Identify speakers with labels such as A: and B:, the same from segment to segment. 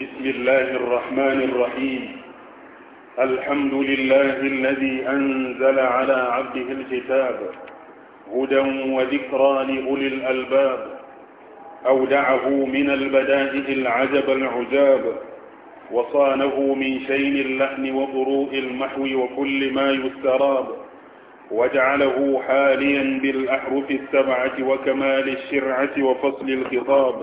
A: بسم الله الرحمن الرحيم الحمد لله الذي أنزل على عبده الكتاب هدى وذكرى لأولي الألباب أودعه من البدائه العجب العجاب وصانه من شين اللحن وضروء المحو وكل ما يستراب وجعله حاليا بالأحرف السبعة وكمال الشرعة وفصل الخطاب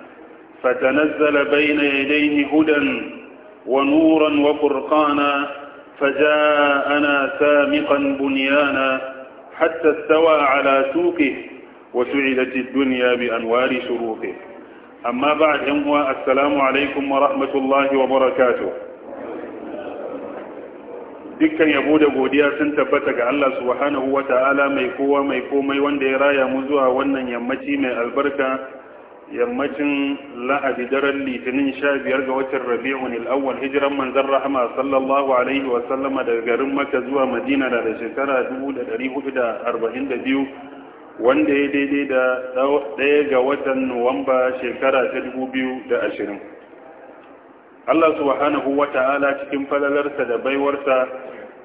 A: فتنزل بين يديه هدى ونورا وفرقانا فجاءنا سامقا بنيانا حتى استوى على سوقه وسعدت الدنيا بأنوار شروقه أما بعد يموى السلام عليكم ورحمة الله وبركاته dukkan yabo da godiya sun tabbata ga Allah subhanahu wa mai kowa mai komai wanda ya raya mu zuwa wannan yammaci mai albarka yammacin lahadi daren litinin sha biyar ga watan rabi'un al'awwal hijiran manzan rahama sallallahu alaihi wa sallama daga garin maka zuwa madina da da shekara 1442 wanda ya daidai da ɗaya ga watan nuwamba shekara ta 2020 Allah subhanahu wa ta'ala cikin falalarsa da baiwarsa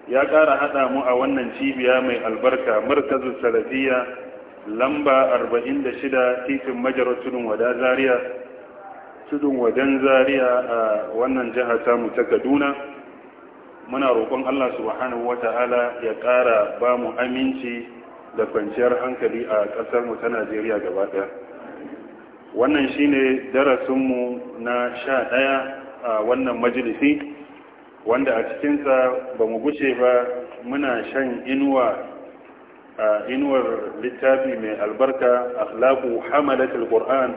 A: ya ƙara haɗa mu a wannan cibiya mai albarka markazin salafiya lamba 46 titin majarar tudun wada tudun wadan zaria a wannan jiha tamu ta kaduna muna roƙon allah subhanahu ta'ala ya ƙara ba mu aminci da kwanciyar hankali a ƙasarmu ta najeriya gaba ɗaya wannan shine darasinmu na sha ɗaya a wannan majalisi wanda a cikinsa ba mu guce ba muna shan inuwa inuwar littafi mai albarka akhlaqu hamalat alquran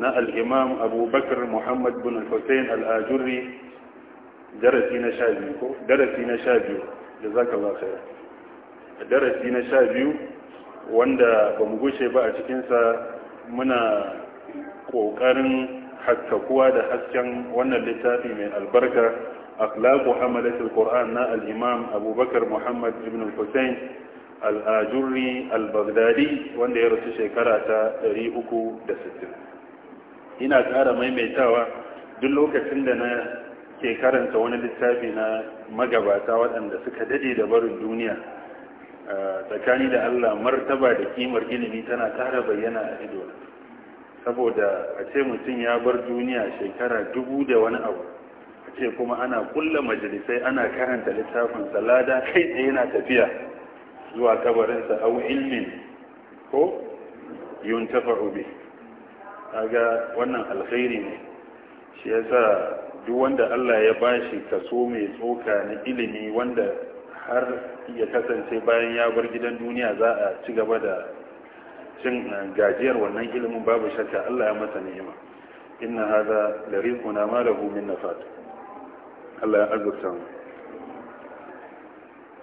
A: na al-imam abubakar muhammad bin al-husayn darasi na sha biyu darasi na 12 jazaka darasi na 12 wanda ba mu gushe ba a cikinsa sa muna kokarin hakkakuwa da hasken wannan littafi mai albarka akhlaqu hamalat alquran na al-imam abubakar muhammad bin al-husayn al'ajurri al-baghdadi wanda ya rasu shekara ta 360 ina ƙara maimaitawa duk lokacin da na ke karanta wani littafi na magabata waɗanda suka dade da barin duniya tsakani da Allah martaba da kimar ilimi tana tara bayyana a ido saboda a ce mutum ya bar duniya shekara dubu da wani abu a ce kuma ana kulla majalisai ana karanta littafin salada kai tsaye na tafiya zuwa kabarinsa au ilmin ko yun bi kaga wannan alkhairi ne shi yasa duk wanda Allah ya bashi kaso mai tsoka na ilimi wanda har ya kasance bayan ya bar gidan duniya za a ci gaba da cin eh, gajiyar wannan ilimin babu shakka Allah ya masa ni'ima inna hadha la rizquna ma lahu min nafat Allah ya azurta mu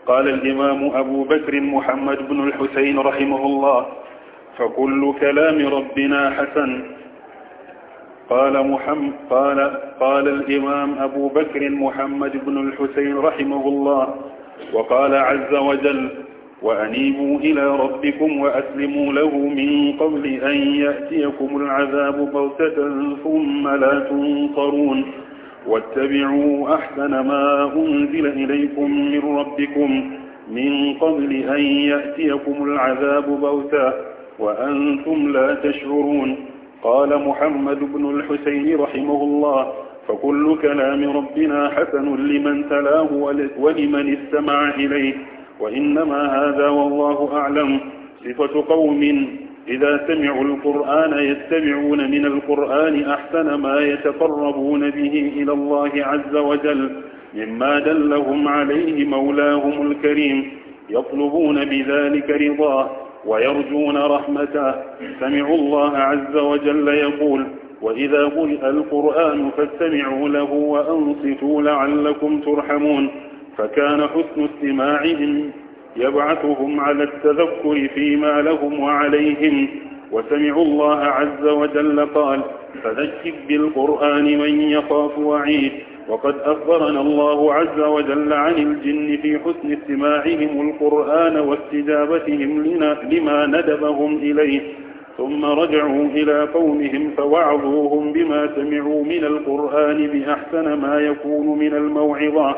A: قال الإمام أبو بكر محمد بن الحسين رحمه الله فكل كلام ربنا حسن قال, محمد قال, قال الإمام أبو بكر محمد بن الحسين رحمه الله وقال عز وجل وأنيبوا إلى ربكم وأسلموا له من قبل أن يأتيكم العذاب بغتة ثم لا تنصرون واتبعوا أحسن ما أنزل إليكم من ربكم من قبل أن يأتيكم العذاب بوتا وأنتم لا تشعرون قال محمد بن الحسين رحمه الله فكل كلام ربنا حسن لمن تلاه ولمن استمع إليه وإنما هذا والله أعلم صفة قوم إذا سمعوا القرآن يتبعون من القرآن أحسن ما يتقربون به إلى الله عز وجل مما دلهم عليه مولاهم الكريم يطلبون بذلك رضاه ويرجون رحمته سمعوا الله عز وجل يقول وإذا قرئ القرآن فاستمعوا له وأنصتوا لعلكم ترحمون فكان حسن استماعهم يبعثهم على التذكر فيما لهم وعليهم وسمعوا الله عز وجل قال فذكر بالقرآن من يخاف وعيد وقد أخبرنا الله عز وجل عن الجن في حسن استماعهم القرآن واستجابتهم لما ندبهم إليه ثم رجعوا إلى قومهم فوعظوهم بما سمعوا من القرآن بأحسن ما يكون من الموعظة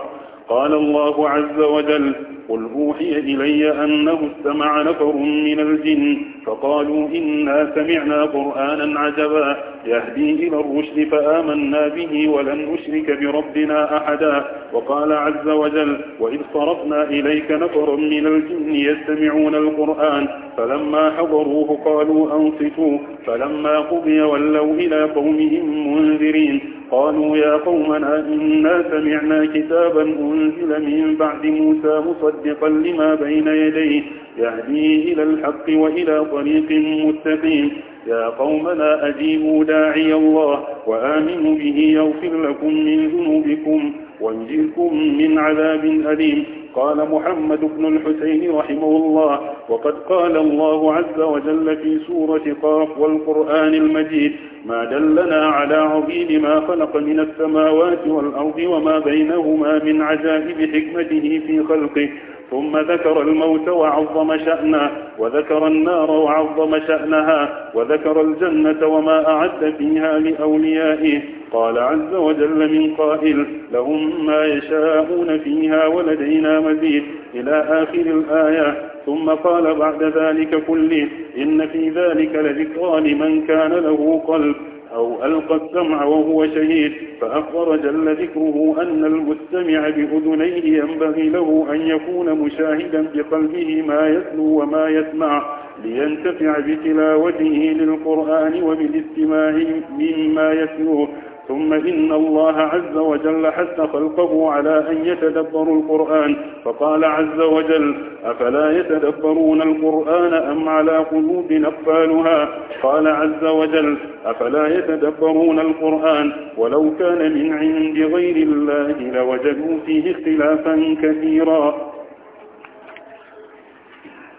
A: قال الله عز وجل قل أوحي إلي أنه استمع نفر من الجن فقالوا إنا سمعنا قرآنا عجبا يهدي إلى الرشد فآمنا به ولن نشرك بربنا أحدا وقال عز وجل وإذ صرفنا إليك نفرا من الجن يستمعون القرآن فلما حضروه قالوا أنصتوا فلما قضي ولوا إلى قومهم منذرين قالوا يا قومنا إنا سمعنا كتابا أنزل من بعد موسى مصدر مصدقا لما بين يديه يهدي إلى الحق وإلى طريق مستقيم يا قوم لا أجيبوا داعي الله وآمنوا به يغفر لكم من ذنوبكم وانجلكم من عذاب أليم قال محمد بن الحسين رحمه الله وقد قال الله عز وجل في سورة قاف والقرآن المجيد ما دلنا على عظيم ما خلق من السماوات والأرض وما بينهما من عجائب حكمته في خلقه ثم ذكر الموت وعظم شأنه وذكر النار وعظم شأنها وذكر الجنة وما أعد فيها لأوليائه قال عز وجل من قائل لهم ما يشاءون فيها ولدينا مزيد إلى آخر الآية ثم قال بعد ذلك كله إن في ذلك لذكرى لمن كان له قلب أو ألقى السمع وهو شهيد فأخبر جل ذكره أن المستمع بأذنيه ينبغي له أن يكون مشاهدا بقلبه ما يتلو وما يسمع لينتفع بتلاوته للقرآن وبالاستماع مما يتلوه ثم إن الله عز وجل حث خلقه على أن يتدبروا القرآن فقال عز وجل أفلا يتدبرون القرآن أم على قلوب أقفالها قال عز وجل أفلا يتدبرون القرآن ولو كان من عند غير الله لوجدوا فيه اختلافا كثيرا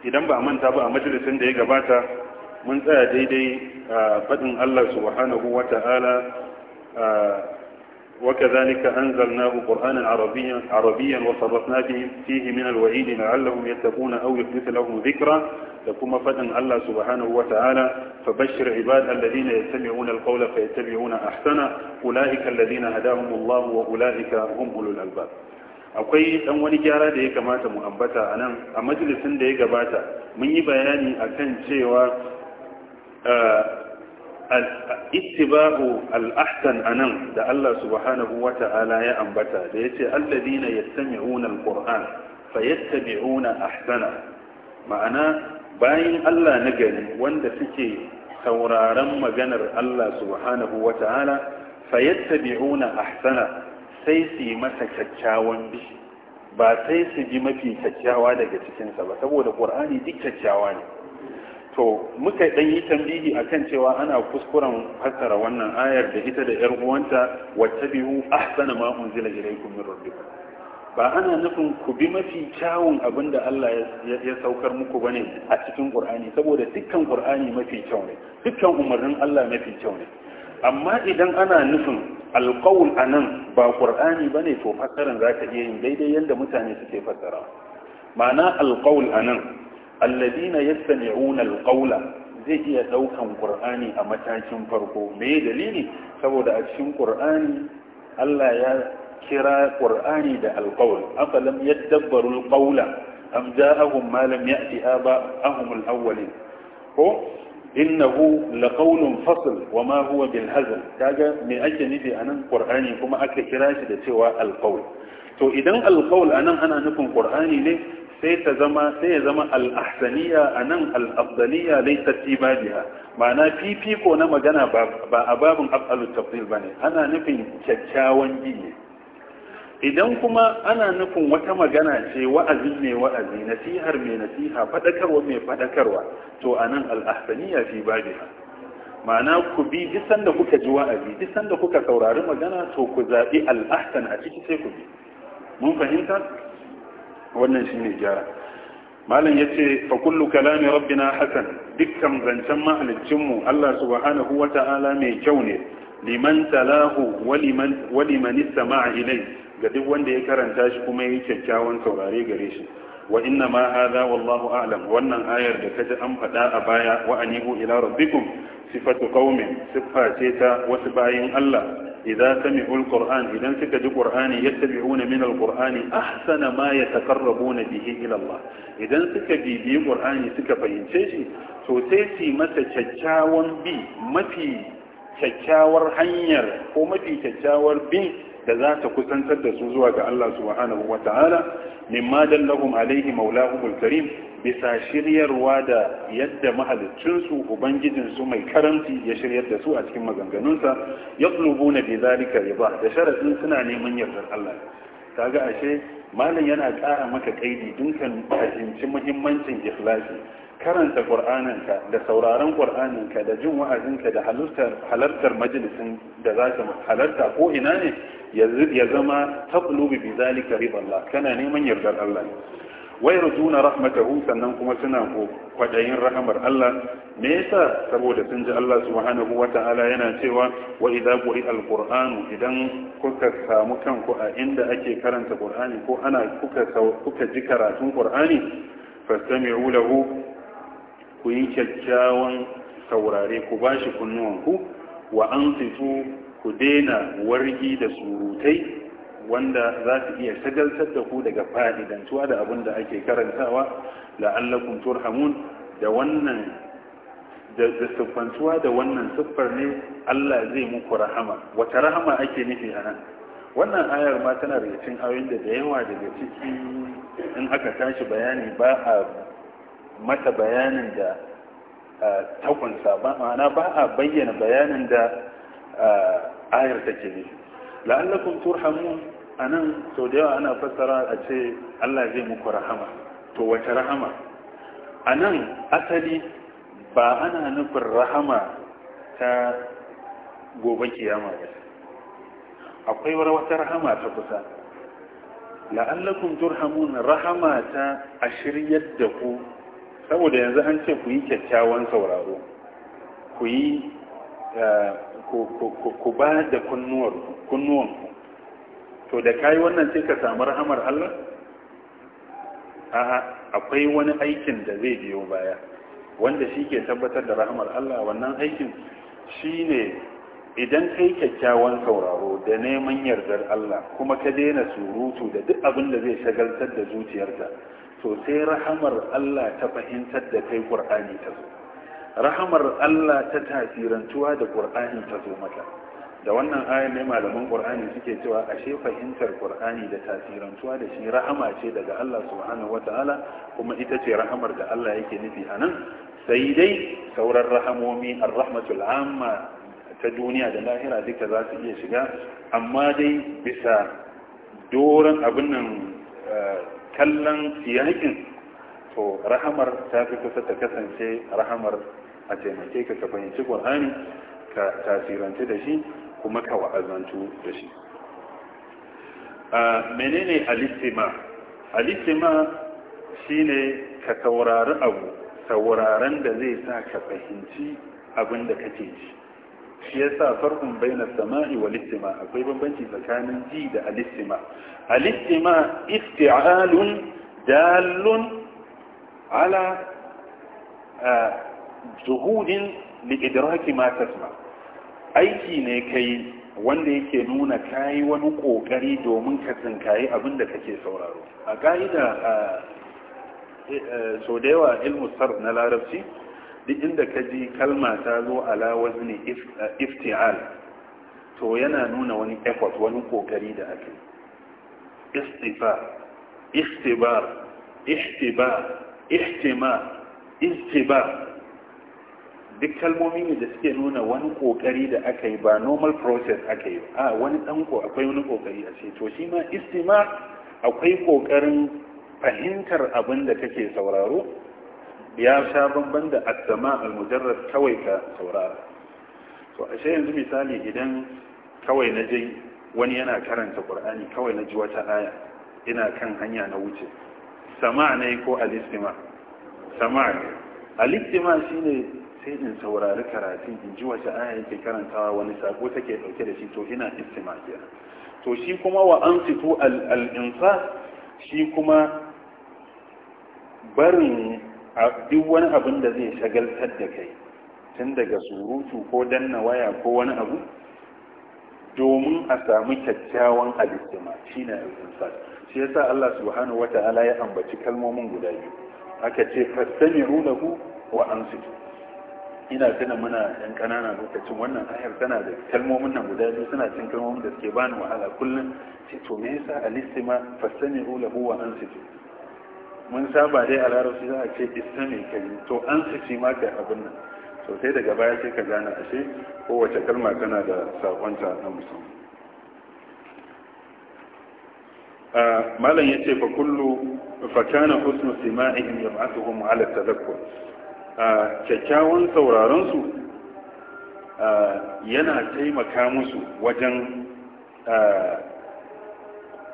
A: idan ba manta ba a majalisin da ya gabata mun tsaya daidai a faɗin Allah subhanahu wa ta'ala وكذلك أنزلناه قرآنا عربيا, عربيا وصرفنا فيه من الوعيد لعلهم يتقون أو يحدث لهم ذكرا لكم فدا الله سبحانه وتعالى فبشر عباد الذين يتبعون القول فيتبعون أحسنه أولئك الذين هداهم الله وأولئك هم أولو الألباب akwai dan wani gyara da ya kamata mu ambata a nan a majalisin da ya gabata mun yi bayani akan cewa ittiba'u al-ahsan anan da Allah subhanahu ta'ala ya ambata da yace alladhina yastami'una al-qur'an fayattabi'una ahsana ma'ana bayin Allah na gari wanda suke sauraron maganar Allah subhanahu wata'ala fayattabi'una ahsana sai su yi masa kyakkyawan bi ba sai su bi mafi kyakkyawa daga cikinsa ba saboda ƙur'ani duk kyakkyawa ne to muka dan yi tambihi akan cewa ana kuskuren fassara wannan ayar da ita da yar uwanta bihu ahsana ma unzila ilaykum min rabbikum ba ana nufin ku bi mafi kyawun abin da Allah ya saukar muku bane a cikin Qur'ani saboda dukkan Qur'ani mafi kyau ne dukkan umarnin Allah mafi kyau ne amma idan ana nufin alqaul anan ba Qur'ani bane to fassaran za iya yin daidai yanda mutane suke fassara ma'ana alqaul anan alladina yastami'una alqawla zai iya daukan qur'ani a matakin farko me dalili saboda a cikin qur'ani Allah ya kira qur'ani da alqawl afalam yadabbaru ƙaula. am ja'ahum ma lam ya'ti aba'ahum alawwalin ko innahu laqawlun fasl wa ma huwa bil hazl kaga me ake nufi anan qur'ani kuma aka kira shi da cewa alqawl to idan alqawl anan ana nufin qur'ani ne sai ta zama sai ya zama al anan al-afdaliya laysat ibadiha ma'ana fifiko na magana ba a babin af'alut tafdil bane ana nufin kyakkyawan biye idan kuma ana nufin wata magana ce wa'azi ne wa'azi nasihar mai nasiha fadakarwa mai fadakarwa to anan al fi babiha ma'ana ku bi duk sanda kuka ji wa'azi duk kuka saurari magana to ku zaɓi al a ciki sai ku bi mun fahimta wannan shine gyara malam yace fa kullu kalami rabbina hasan dukkan zancen mahalicin mu Allah subhanahu wata'ala mai kyau ne liman talahu wa liman istama'a ilai ga duk wanda ya karanta shi kuma yi kyakkyawan saurare gare shi wa inna ma hadha wallahu a'lam wannan ayar da kaji an faɗa a baya wa anibu ila rabbikum sifatu ƙaumin siffa ce ta wasu bayin Allah idan sami'ul qur'an idan suka ji qur'ani yattabi'una min al-qur'ani ahsana ma yataqarrabuna bihi ila Allah idan suka bibiyi qur'ani suka fahimce shi to sai su masa kyakkyawan bi mafi kyakkyawar hanyar ko mafi kyakkyawar bin da za ta kusantar da su zuwa ga Allah subhanahu wa ta'ala mimma dallahum alaihi maulahumul bisa shiryarwa da yadda mahalicinsu ubangijinsu mai karamci ya shiryar da su a cikin maganganunsa ya tsulubu na bi zalika ba da sharaɗin suna neman yardar Allah ga ashe malam yana ƙara maka kaidi dinkan fahimci muhimmancin ikhlasi karanta qur'aninka da sauraron qur'aninka da jin wa'azinka da halartar majalisin da za ka halarta ko ina ne ya zama taqlubu bi zalika riballah kana neman yardar Allah wai rujuna rahmatahu sannan kuma suna kwadayin rahamar Allah me yasa saboda sun ji Allah subhanahu wataala yana cewa wa idza quri'a idan kuka samu kanku a inda ake karanta qur'ani ko ana kuka kuka ji karatun qur'ani fastami'u lahu ku yi kyakkyawan saurare ku bashi kunnuwanku wa ansitu ku daina wargi da surutai wanda za su iya sagaltar da ku daga fa'idantuwa da abin da ake karantawa la'allakum turhamun da wannan da siffantuwa da wannan siffar ne Allah zai muku rahama wata rahama ake nufi a nan wannan ayar ma tana rikicin cikin ayoyin da da yawa daga ciki in aka tashi bayani ba a mata bayanin da eh, takwansa, ba ma'ana ba a bayyana bayanin da ayar take ne la'allakum turhamun anan sau da yawa ana fassara a ce Allah zai muku rahama to wace rahama anan asali ba ana nufin rahama ta gobe kiyama ba akwai wata rahama ta kusa la'allakum turhamun rahama ta a shiryar da ku saboda yanzu an ce ku yi kyakkyawan sauraro ku yi ku ba da kunnuwanku to da kayi wannan sai ka samu rahamar Allah a'a akwai wani aikin da zai biyo baya wanda shi ke tabbatar da rahamar Allah wannan aikin shi ne idan kai kyakkyawan sauraro da neman yardar Allah kuma ka daina surutu da duk abin da zai shagaltar da zuciyarta to sai rahamar Allah ta fahimtar da kai Qur'ani ta zo rahamar Allah ta tasirantuwa da Qur'ani ta zo mata da wannan ayan ne malaman Qur'ani suke cewa ashe fahimtar Qur'ani da tasirantuwa da shi rahama ce daga Allah subhanahu wataala kuma ita ce rahamar da Allah yake nufi anan sai dai sauran rahamomi ar-rahmatul amma ta duniya da lahira duka za su iya shiga amma dai bisa doron abin nan eh, kallon siyakin to rahamar ta fi kusa ta kasance rahamar a taimake ka ka fahimci qur'ani ka tasirance da shi kuma ka wa'azantu da shi menene alistima alistima shine ka saurari abu sauraron da zai sa ka fahimci abin da kake ji shi yasa farkon baina sama'i wa istima akwai bambanci tsakanin ji da alistima alistima isti'alun dalun ala juhudin li'idraki ma tasma aiki ne kai wanda yake nuna kayi wani ƙoƙari domin ka tsinkayi abin da kake sauraro a ka'ida e, e, so da yawa ilmu sar na larabci duk inda ka ji kalma ta zo ala wazni ifti'al to yana nuna wani effort wani ƙoƙari da ake istifa istibar ihtibar ihtima iztibar duk kalmomi ne da suke nuna wani kokari da aka yi ba normal process aka yi a wani dan ko akwai wani kokari a ce to shi ma istima akwai kokarin fahimtar abin da kake sauraro ya sha bamban da asama almujarrad kawai ka saurara to ashe yanzu misali idan kawai na je wani yana karanta qur'ani kawai na ji wata aya ina kan hanya na wuce sama ne ko alistima sama alistima shine sai in saurari karatun in ji wace aya yake karantawa wani sako take dauke da shi to ina istima to shi kuma wa ansitu al shi kuma barin duk wani abin da zai shagaltar da kai tun daga surutu ko danna waya ko wani abu domin a samu kyakkyawan alistima shine al-infas shi yasa Allah subhanahu wata'ala ya ambaci kalmomin guda biyu aka ce fastami'u lahu wa ansitu ina tuna muna ɗan ƙanana lokacin wannan ayar tana da kalmomin nan guda biyu suna cin kalmomin da suke bani wahala kullum ce to me yasa ma alistima fasami lahu wa ansitu mun saba dai a larabci za a ce istami kai to ansiti ma kai abin nan to sai daga baya sai ka gane ashe kowace kalma tana da sakonta na musamman malam ya yace fa kullu fa kana husnu sima'ihim yab'athuhum ala tadhakkur a kyakkyawan su yana taimaka musu wajen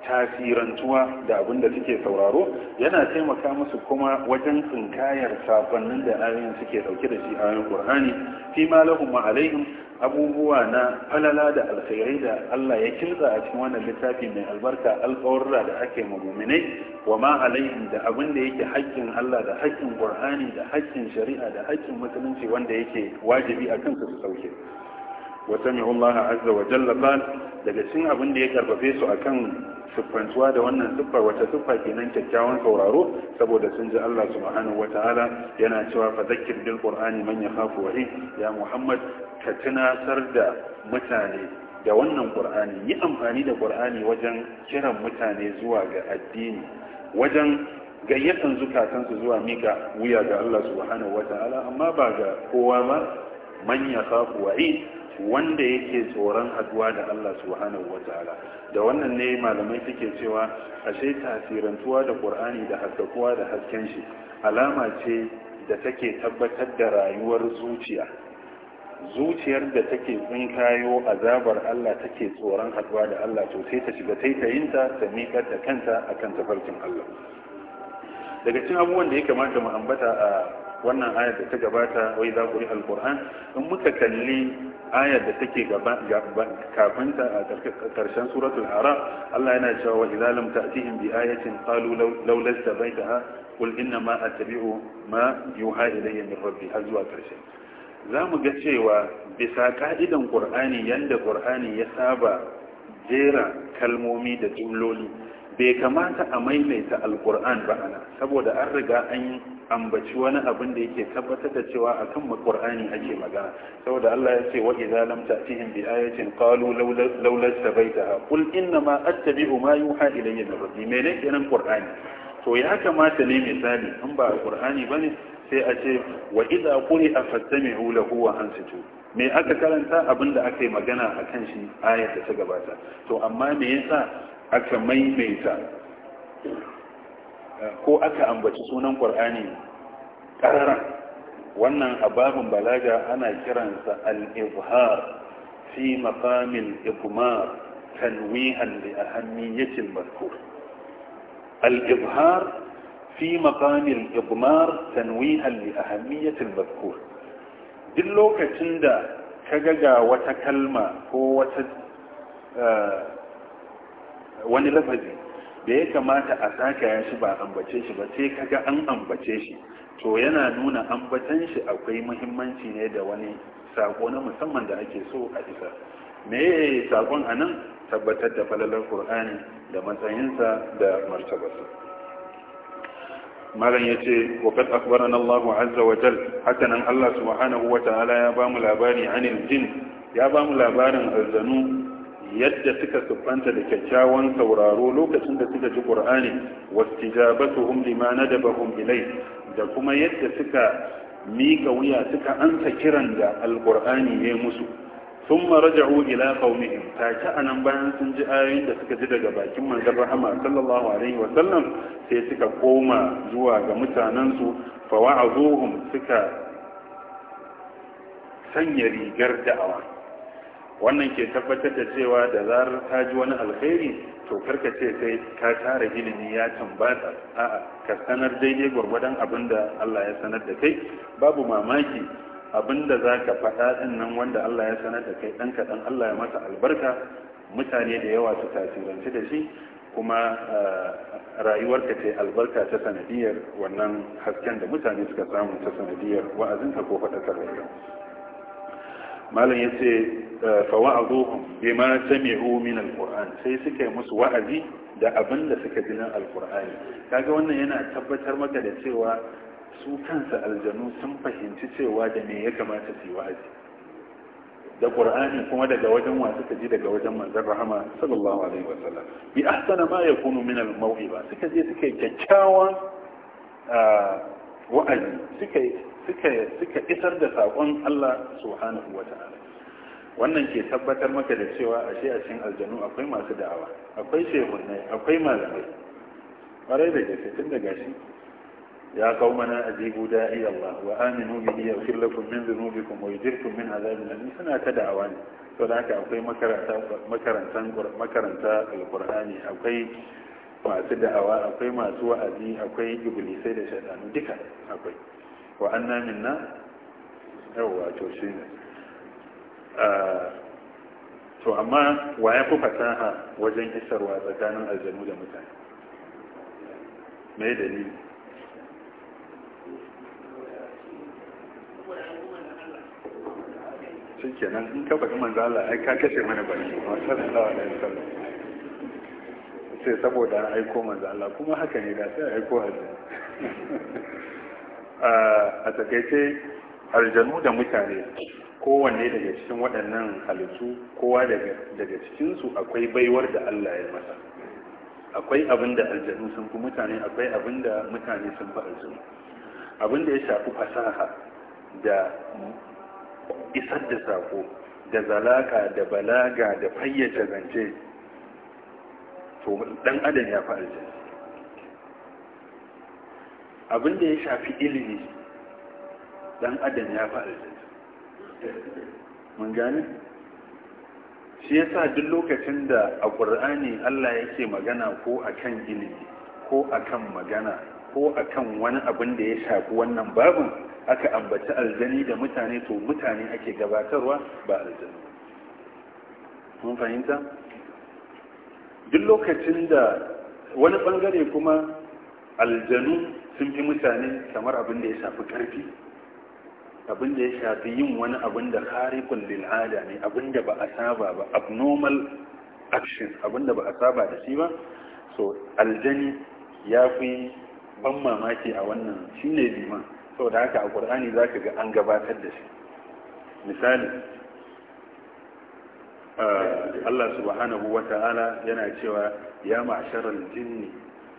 A: tasirantuwa da abin da suke sauraro yana taimaka musu kuma wajen tsinkayar safannin da ayoyin suke dauke da shi ayoyin qur'ani fi ma alaihim abubuwa na falala da alkhairai da Allah ya kirza a cikin wannan littafi mai albarka alƙawarra da ake muminai wa ma alaihim da abin da yake haƙƙin Allah da haƙƙin Qur'ani da haƙƙin shari'a da haƙƙin musulunci wanda yake wajibi a kansu su sauke wa sami'u Allah azza wa jalla daga cikin abin da ya karfafe su akan siffantuwa da wannan sufa wata siffa kenan kyakkyawan sauraro saboda sun ji Allah subhanahu ta'ala yana cewa fa zakir bil qur'ani man yakhafu wa'id ya Muhammad ka tunatar da mutane da wannan qur'ani yi amfani da qur'ani wajen kiran mutane zuwa ga addini wajen gayyatan su zuwa mika wuya ga Allah subhanahu ta'ala, amma ba ga kowa ba man yakhafu wa'id wanda yake tsoron haduwa da Allah subhanahu ta'ala da wannan ne malamai suke cewa ashe tasirantuwa da Qur'ani da haddakuwa da hasken shi alama ce da take tabbatar da rayuwar zuciya zuciyar da take kayo azabar Allah take tsoron haduwa da Allah to sai ta shiga taitayinta ta miƙar da kanta akan tafarkin Allah daga cikin abubuwan da ya kamata mu ambata a wannan ayar da ta gabata wai za ku yi alkur'an in muka kalli ayar da take kafin kafinta a karshen suratul haram Allah yana cewa wa idza lam ta'tihim bi ayatin qalu law lastabaitaha qul inna ma attabi'u ma yuha ilayya min rabbi har zuwa karshe za mu ga cewa bisa ka'idan qur'ani yanda qur'ani ya saba jera kalmomi da jumloli bai kamata a maimaita alkur'an ba ana saboda an riga an ambaci wani abin da yake tabbatar da cewa akan alqur'ani ake magana saboda Allah ya ce wa idza in ta'tihim bi ayatin qalu laula sabaitaha qul inna ma attabi'u ma yuha ilayya min rabbi ne kenan qur'ani to ya kamata ne misali in ba qur'ani bane sai a ce wa idza quri'a fastami'u lahu wa ansitu me aka karanta abin da aka yi magana akan shi ayat da ta gabata to amma me yasa aka maimaita ko aka ambaci sunan ƙwar'ani ƙararan wannan ababin balaga ana kiransa al-izhar fi maqamil ikmar tanwihan li a mazkur al-izhar fi maqamil ikmar tanwihan li ahammiyatil mazkur duk lokacin da ka gaga wata kalma ko wata eh, wani lafazi da ya kamata a sakaya shi ba ambace shi ba sai kaga an ambace shi to yana nuna ambatan shi akwai muhimmanci ne da wani sako na musamman da ake so a isa me sakon a nan tabbatar da falalar qur'ani da matsayinsa da martabarsa malam ya ce waƙad akbaran Allahu azza wa jal hakanan Allah subhanahu wa ta'ala ya ba mu labari anil jin ya ba mu labarin alzanu. yadda suka siffanta da kyakkyawan sauraro lokacin da suka ji qur'ani wastijabatuhum lima nadabahum ilay da kuma yadda suka miƙa wuya suka ansa kiran da alqur'ani ya musu ثم رجعوا إلى قومهم anan bayan sun ji ayoyin da suka ji daga bakin manzon rahama sallallahu alaihi wa sallam sai suka koma zuwa ga mutanansu fa wa'azuhum suka sanya rigar da'awa wannan ke tabbatar da cewa da zarar ta ji wani alkhairi to karka ce sai ka tara ilimi ya tambata a ka sanar daidai gwargwadon abin da Allah ya sanar da kai babu mamaki abin da za ka faɗa ɗin nan wanda Allah ya sanar da kai ɗan kaɗan Allah ya masa albarka mutane da yawa su tasiranci da shi kuma eh, rayuwarka ce albarka ta sanadiyar wannan hasken da mutane suka samu ta sanadiyar wa'azinka ko faɗakar rayuwa malam ya ce bai bima sami'u min alquran sai suka yi musu wa'azi da abin da suka ji alkur'ani kaga wannan yana tabbatar maka da cewa su kansa aljanu sun fahimci cewa da me ya kamata su yi wa'azi da qur'ani kuma daga wajen wa suka ji daga wajen manzon rahama sallallahu alaihi wasallam bi ahsana ma yakunu min almaw'iba suka je suka yi kyakkyawa wa'azi suka suka isar da sakon Allah subhanahu wa ta'ala wannan ke tabbatar maka da cewa ashe a cikin aljanu akwai masu da'awa akwai shehunai akwai malamai ƙwarai da gaske tun da gashi ya kawo mana ajibu da'i Allah wa aminu bihi yaghfir lakum min dhunubikum wa yujirkum min azabin alim suna ta da'awa ne to da haka akwai makaranta makarantan makaranta alqur'ani akwai masu da'awa akwai masu wa'azi akwai iblisai da shaitanu duka akwai wa anna minna yawa to shine to amma wa ya fi fasaha wajen isarwa tsakanin aljanu da mutane mai dalili shi kenan in ka faɗi manzo Allah ai ka kashe mana baki sallallahu alaihi wasallam sai saboda aiko manzo Allah kuma haka ne da sai aiko aljanu a takaice aljanu da mutane kowanne daga cikin waɗannan halittu kowa daga cikinsu akwai baiwar da Allah ya masa akwai abin da aljanu sun fi mutane akwai abin da mutane sun fi aljanu abin da ya shafi fasaha da isar da sako da zalaka da balaga da fayyace zance to dan adam ya fi aljanu abin da ya shafi ilimi dan adam ya fi aljanu mun gane shi yasa duk lokacin da a ƙur'ani Allah yake magana ko akan ilimi ko akan magana ko akan wani abin da ya shafi wannan babin aka ambaci aljani da mutane to mutane ake gabatarwa ba aljani mun fahimta duk lokacin da wani bangare kuma aljanu sun fi mutane kamar abin da ya shafi karfi abin da ya shafi yin wani abin da harikun lil'ada ne abin da ba a saba ba abnormal action abin da ba a saba da shi ba so aljani ya fi ban mamaki a wannan shi ne liman sau da haka a ƙur'ani za ka ga an gabatar da shi misali Allah subhanahu wa ta'ala yana cewa ya ma'asharar jinni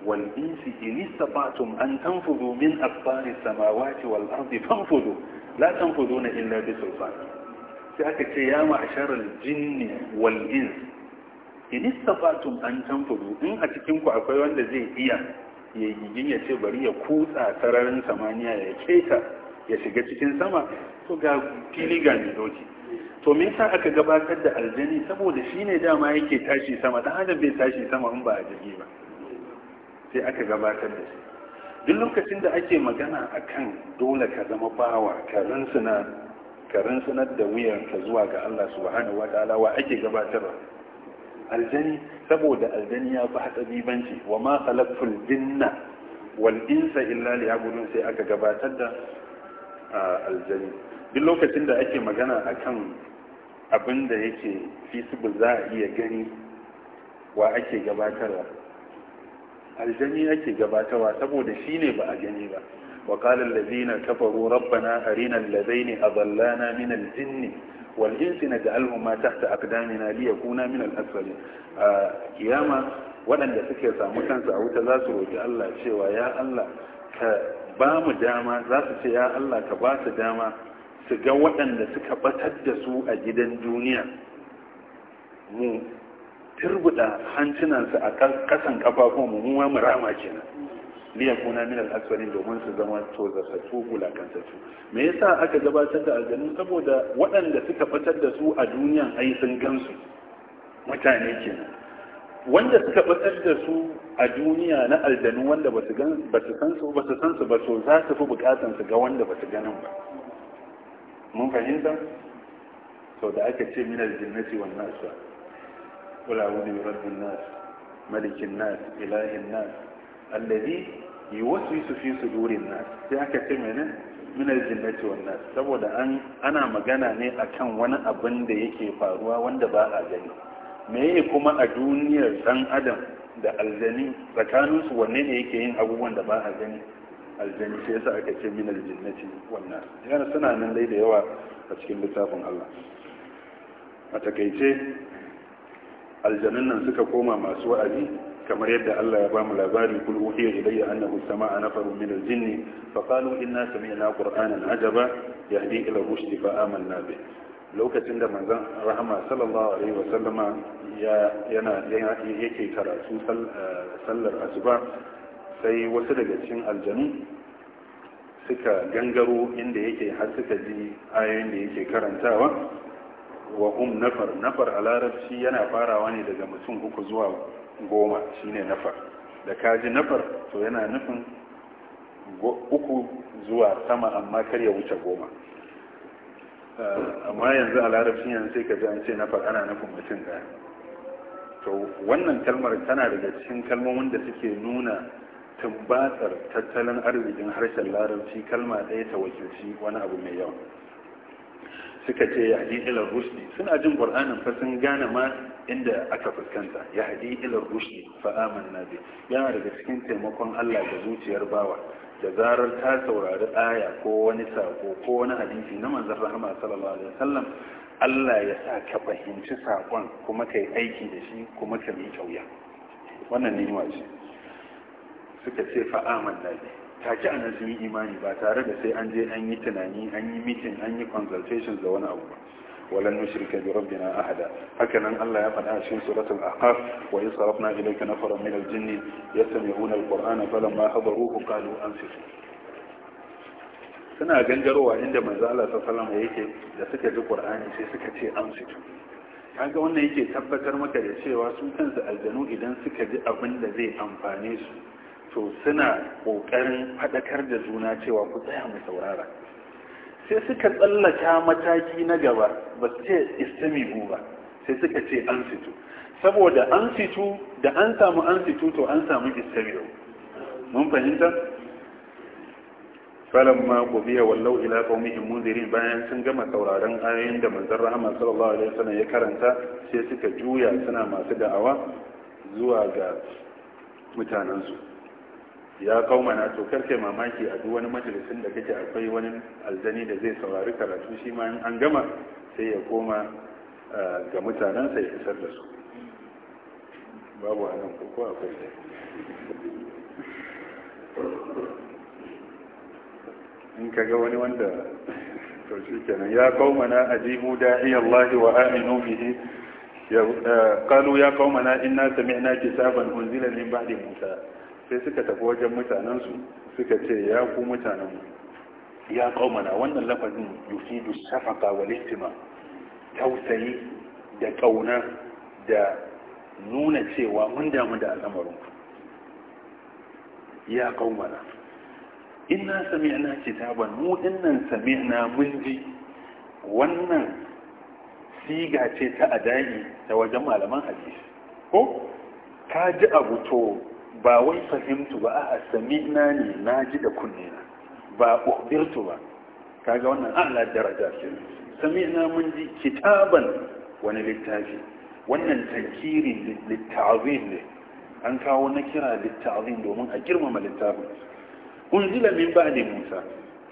A: wal insi in istata'tum an tanfudu min aqtaris samawati wal ardi fanfudu la tanquduna illa bi sulfan sai aka ce ya ma'asharal jinni wal ins in istafatum an tanfudu in a cikin ku akwai wanda zai iya ya yi ya ce bari ya kutsa sararin samaniya ya keta ya shiga cikin sama to ga fili ga doki to me yasa aka gabatar da aljani saboda shine dama yake tashi sama dan adam bai tashi sama in ba a jirgi ba sai aka gabatar da shi duk lokacin da ake magana akan dole ka zama bawa ka rinsunar da wuyanka zuwa ga Allah subhanahu wa ta'ala wa ake gabatarwa aljani saboda aljani ya fi hatsari banci wa ma khalaqtul jinna wal insa illa liya'budun sai aka gabatar da aljani duk lokacin da ake magana akan abin da yake feasible za a iya gani wa ake gabatarwa aljani ake gabatawa saboda shi ne ba a gani ba wa qala allazina kafaru rabbana arina allazaini adallana min aljinni wal insi naj'alhuma tahta aqdamina liyakuna min al-asfalin kiyama waɗanda suke samu kansu a wuta za su roki Allah cewa ya Allah ka ba mu dama za su ce ya Allah ka ba su dama su ga waɗanda suka batar da su a gidan duniya mu turbuda hancinansu a kasan kafafun mummuwa murama kenan liyan kuna min al'asfarin domin su zama tozartattu su me yasa aka gabatar da aljanu saboda waɗanda suka fitar da su a duniyan ai sun gansu mutane kenan wanda suka fitar da su a duniya na aljanu wanda ba su san su ba su san su ba so za su fi bukatan su ga wanda ba su ganin ba mun fahimta sau da aka ce min aljinnati wannan asfarin قل أعوذ برب الناس ملك الناس إله الناس الذي يوسوس في صدور الناس ذاك كمنا من الجنة والناس saboda an ana magana ne akan wani أبند da yake faruwa wanda ba a gani meye kuma a duniyar dan adam da aljani tsakanin su wanne ne yake yin abubuwan da ba a gani aljani sai yasa aka ce min aljinnati wannan yana suna nan dai da yawa a cikin littafin Allah a takaice aljanun nan suka koma masu wa'azi kamar yadda Allah ya bamu labari kul uhiya ilayya annahu sama'a nafarun min al-jinn fa qalu inna sami'na qur'anan ajaba yahdi ila rushd fa amanna bi lokacin da manzon rahama sallallahu alaihi wa sallama ya yana yake karatu eh, sallar asuba sai wasu daga cikin aljanu suka gangaro inda yake har suka ji ayoyin da yake karantawa wa um nafar nafar a larabci yana farawa ne daga mutum uku zuwa goma shine nafar da kaji nafar to yana nufin uku zuwa sama amma kar ya wuce goma eh, amma yanzu a larabci yanzu sai ka ji an ce nafar ana nufin mutum daya to wannan kalmar tana daga cikin kalmomin da suke nuna tumbatsar tattalin arzikin harshen larabci kalma ɗaya ta wakilci wani abu mai yawa suka ce ya hadi ilar rushdi suna jin ƙwar'anin fa sun gane ma inda aka fuskanta ya hadi ilar rushdi fa amanna bi yana daga cikin taimakon Allah da zuciyar bawa da zarar ta saurari aya ko wani sako ko wani hadisi na manzon rahama sallallahu alaihi wasallam Allah ya sa ka fahimci sakon kuma ka yi aiki da shi kuma ka yi kyauya wannan ne ce suka ce fa amanna take a nan sun yi imani ba tare da sai an je an yi tunani an yi meeting an yi consultations da wani abu ba ولن نشرك بربنا أحدا هكذا الله يفعل في سورة الأحقاف وإن صرفنا إليك نفرا من الجن يستمعون القرآن فلما حضروه قالوا أنفسوا suna gangarowa inda manzo Allah sallallahu alaihi yake da suka ji Qur'ani sai suka ce amsitu kaga wannan yake tabbatar maka da cewa su kansu aljanu idan suka ji abin da zai amfane su to suna ƙoƙarin faɗakar da juna cewa ku tsaya mu saurara sai suka tsallaka mataki na gaba ba su ce istami'u ba sai suka ce an fito saboda an fito da an samu an fito to an samu istami'u mun fahimta falon ma gobiya wallau ila qaumihim munzirin bayan sun gama sauraron ayoyin da manzon rahama sallallahu alaihi wasallam ya karanta sai suka juya suna masu da'awa zuwa ga mutanensu ya kauma na to karke mamaki a duk wani majalisin da kake akwai wani aljani da zai saurari karatu shi ma an gama sai ya koma eh, ga mutanensa ya isar da su babu a nan ko akwai in ka ga wani wanda to shi kenan ya kauma na ajibu Allah wa aminu bihi eh, qalu ya قومنا إنا سمعنا كتابا أنزل من بعد Musa. sai suka tafi wajen mutanensu suka ce ya ku mutanenmu ya kaumana wannan lafazin yufidu shafaka wal istima tausayi da kauna da nuna cewa mun damu da al'amarin ya kaumana inna sami'na kitaban mu dinnan sami'na mun ji wannan siga ce ta adai ta wajen malaman hadisi ko ka ji abu to ba wai fahimtu ba a samina ne na ji da kunne na ba ubirtu ba kaga wannan Allah daraja ce samina mun ji kitaban wani littafi wannan tankiri littazim ne an kawo na kira littazim domin a girmama littafin unzila min ne, Musa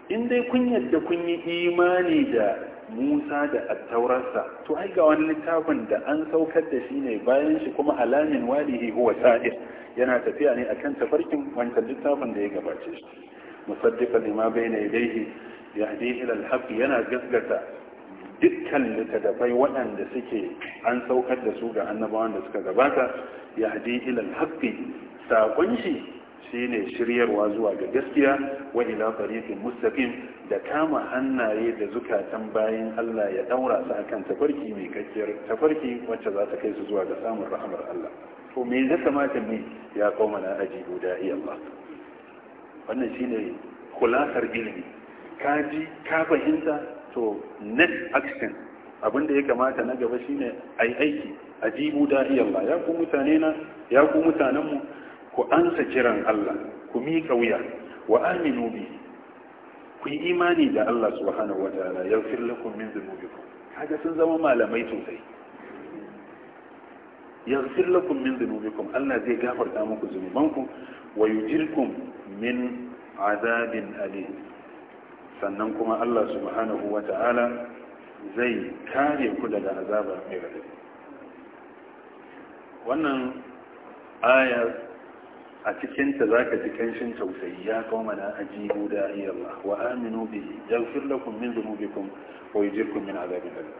A: in dai kun yadda kun yi imani da Musa da attaurarsa to ai ga wani littafin da an saukar da shi ne bayan shi kuma alamin walihi huwa sa'ir yana tafiya ne akan tafarkin wancan littafin da ya gabace shi limabai lima bayna yadayhi yahdihi ila al yana gaggata dukkan littattafai waɗanda suke an saukar da su ga annabawan da suka gabata yahdi ila al-haqq sakon shi shine shiryarwa zuwa ga gaskiya wa ila tariqin mustaqim da kama hannaye da zukatan bayin Allah ya daura su akan tafarki mai kakkiyar tafarki wacce za ta kai su zuwa ga samun rahmar Allah to me ya kamata mu ya aji ajibu da'i Allah wannan shine kulasar ilimi ka ji ka fahimta to next action abin da ya kamata na gaba shine ai aiki ajibu da'i Allah ya ku mutane na ya ku mutanen mu ku ansa kiran Allah ku miƙa wuya wa aminu bi ku yi imani da Allah subhanahu wataala yaghfir lakum min dhunubikum kaga sun zama malamai sosai yaghfir lakum min dhunubikum Allah zai gafarta muku zunubanku wa yujirkum min azabin alim sannan kuma Allah subhanahu wataala zai kare ku daga azaba mai radadi wannan ayar a cikinta za ka ji kanshin tausayi ya koma na ajibu da ayyallah wa aminu bi yaghfir lakum min dhunubikum wa jirkun min azabin alim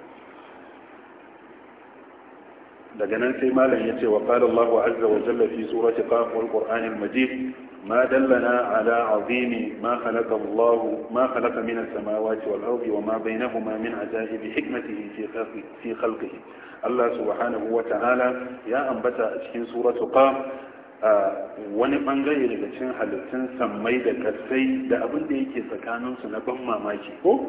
A: daga nan sai malam ya wa qala azza wa jalla fi surati qaf wal qur'anil majid ما دلنا ma عظيم ما خلق الله ما خلق من السماوات والأرض وما بينهما من cikin حكمته في خلقه, في خلقه الله سبحانه ya يا a cikin سورة قام wani bangare daga cikin halittun sammai da karsai da abin da yake tsakaninsu na ban mamaki ko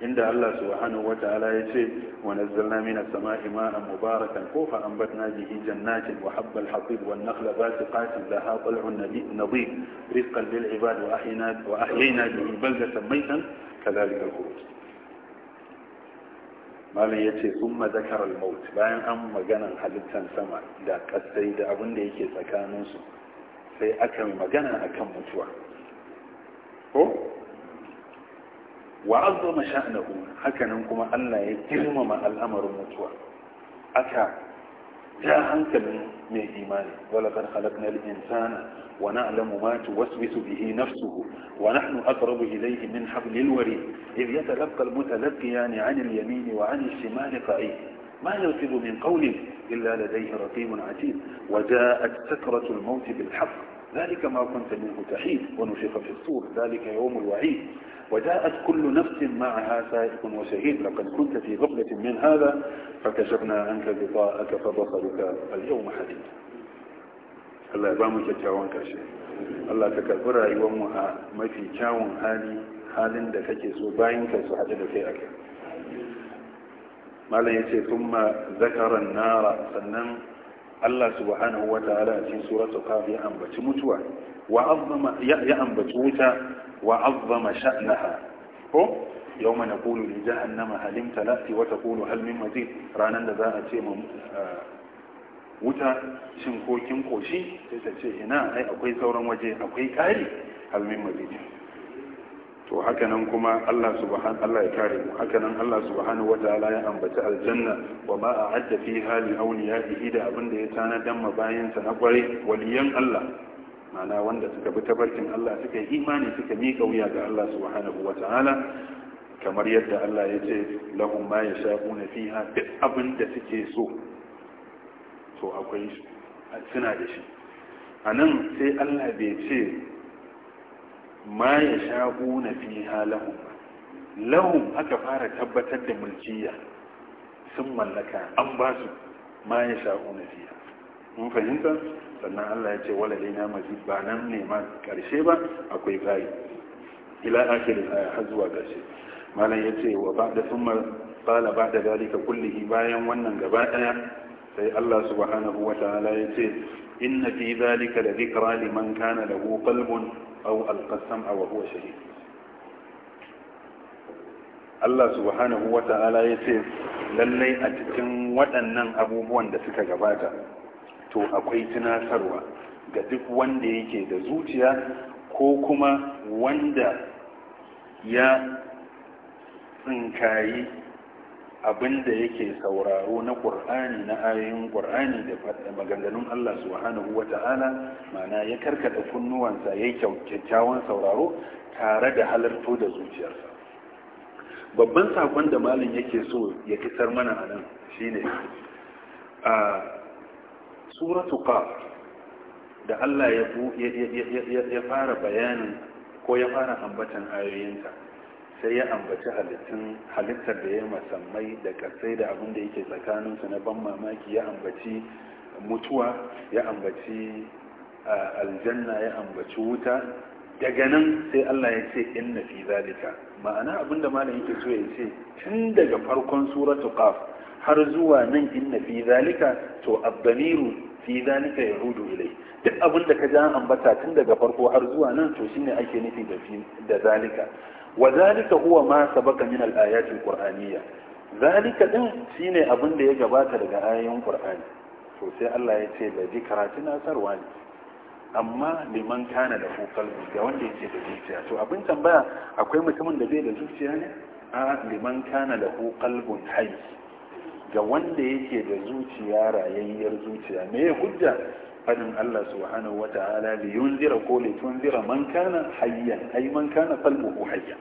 A: inda Allah subhanahu wata'ala ya ce wa nazzalna mina as-sama'i ma'an mubarakan ko fa anbatna bihi jannatin wa habbal hatib wan nakhla basiqatin laha tal'un nadid rizqan lil ibad wa ahyina wa ahyayna bihi baldatan maytan kadhalika al-khuruj malam ya ce sun mazakar al-maut bayan an maganan halittar sama da kasai da abin da yake tsakaninsu sai aka magana a kan mutuwa ko wa azzama sha'nahu hakanan kuma Allah ya girmama al'amarin mutuwa aka ja hankalin من إيمانه ولقد خلقنا الإنسان ونعلم ما توسوس به نفسه ونحن أقرب إليه من حبل الوريد إذ يتلقى المتلقيان عن اليمين وعن الشمال قعيد ما يرتب من قول إلا لديه رقيم عتيد وجاءت سكرة الموت بالحق ذلك ما كنت منه تحيد ونشف في الصور ذلك يوم الوعيد وجاءت كل نفس معها سائق وشهيد لقد كنت في غفلة من هذا فكشفنا عنك غطاءك فبصرك اليوم حديد الله يبامو كتاوان كاشي الله تكبر اي يومها ما في كاوان هالي هالي دفك سوباين كسوحد دفئك ما لا يتي ثم ذكر النار سنن Allah subhanahu wa ta'ala cikin suratul qaf ya ambaci mutuwa wa azzama ya ambaci wuta wa azzama sha'naha ko mana naqulu li jahannama Halim imtala'ti wa taqulu hal min mazid ranan da za a ce ah, wuta shin kokin koshi sai ta ce ina ai akwai sauran waje akwai kari hal min mazid to hakanan kuma Allah subhanahu Allah ya kare mu hakanan Allah subhanahu wataala ya ambaci aljanna wa ma a'adda fiha li awliyaihi da abinda ya tanadan bayansa na kware waliyan Allah mana wanda suka bi tabarkin Allah suka yi imani suka mika wuya ga Allah subhanahu wataala kamar yadda Allah ya ce lahum ma yashaquna fiha duk da suke so to akwai suna da shi anan sai Allah bai ce ma ya sha'u na fi lahum lahun aka fara tabbatar da mulkiya sun mallaka an ba su ma ya sha'u na fiya mun fahimta sannan Allah ya ce wala na mazi ba nan ne ma karshe ba akwai bayi ila akhir aya har zuwa karshe malam ce, wa ba'da thumma qala ba'da zalika kullihi bayan wannan gaba daya sai Allah subhanahu wa ta'ala yace inna fi zalika la dhikra liman kana lahu qalbun أو ألقى السمع وهو شهيد Allah subhanahu wa ta'ala ya ce lallai a cikin waɗannan abubuwan da suka gabata to akwai tunatarwa ga duk wanda yake da zuciya ko kuma wanda ya tsinkayi abin da yake sauraro na ƙur'ani na ayoyin ƙur'ani da maganganun Allah subhanahu wa ta'ala mana ya karkata kunnuwansa ya kyakkyawan sauraro tare da halarto da zuciyarsa babban saƙon da malin yake so ya fitar mana a nan shi ne a suratu qaf da Allah ya fara bayanin ko ya fara ambatan ayoyinta sai ya ambaci halittar da ya masammai da kasai da abin da yake tsakaninsu na ban mamaki ya ambaci mutuwa ya ambaci aljanna ya ambaci wuta daga nan sai Allah ya ce na fi zalika ma'ana abinda malam yake so ya ce tun daga farkon suratu qaf har zuwa nan na fi zalika to abdamiru fi zalika hudu ilai duk da ka ja ambata tun daga farko har zuwa nan to shine ake nufi da zalika Wazalika uwa huwa ma sabaka min al-ayati zalika ɗin shine abin da ya gabata daga ayoyin qur'ani to sai Allah ya ce da zikrati nasarwa ne amma liman kana da qalbi ga wanda yake da zuciya to abin tambaya akwai mutumin da bai da zuciya ne a liman kana da qalbun hayy ga wanda yake da zuciya rayayyar zuciya me hujja fadin Allah subhanahu wa ta'ala li yunzira ko li tunzira man kana hayyan ai man kana qalbuhu hayyan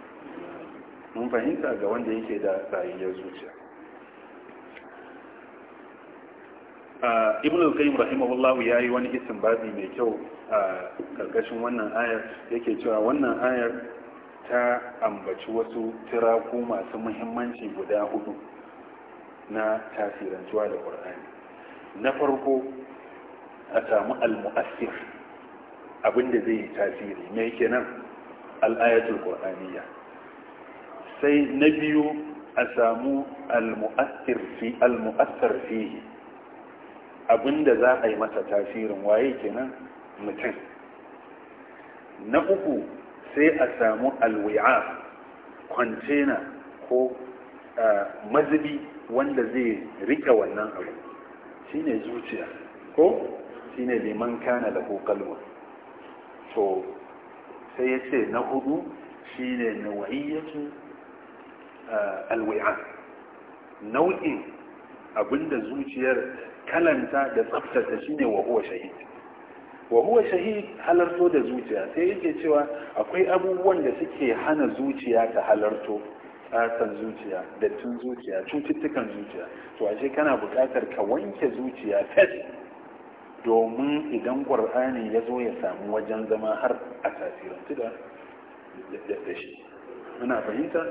A: mun fahimta ga wanda yake da tsayayyar zuciya ibn al-qayyim rahimahullahu yayi wani babi mai kyau a karkashin wannan ayar yake cewa wannan ayar ta ambaci wasu tiraku masu muhimmanci guda hudu na tasirantuwa da ƙur'ani na farko a samu al-mu'assir abinda zai yi tasiri me kenan al qur'aniyya sai na biyu a samu al-mu'assir fi al fihi abinda za a yi masa tasirin waye kenan mutum na uku sai a samu alwi'a kwantena ko mazubi wanda zai rike wannan abu shine zuciya ko shine liman kana da kokalwa to sai ya ce na hudu shine nawaiyatu eh, alwi'an nau'in abinda zuciyar kalanta da tsaftata shine wa huwa shahid wa huwa shahid halarto da zuciya sai yake cewa akwai abubuwan da suke hana zuciya ta halarto tsatsan zuciya dattin zuciya cututtukan zuciya to ashe kana buƙatar ka wanke zuciya fes domin idan ƙwar'ani ya zo ya samu wajen zama har a tasirantu da da shi muna fahimta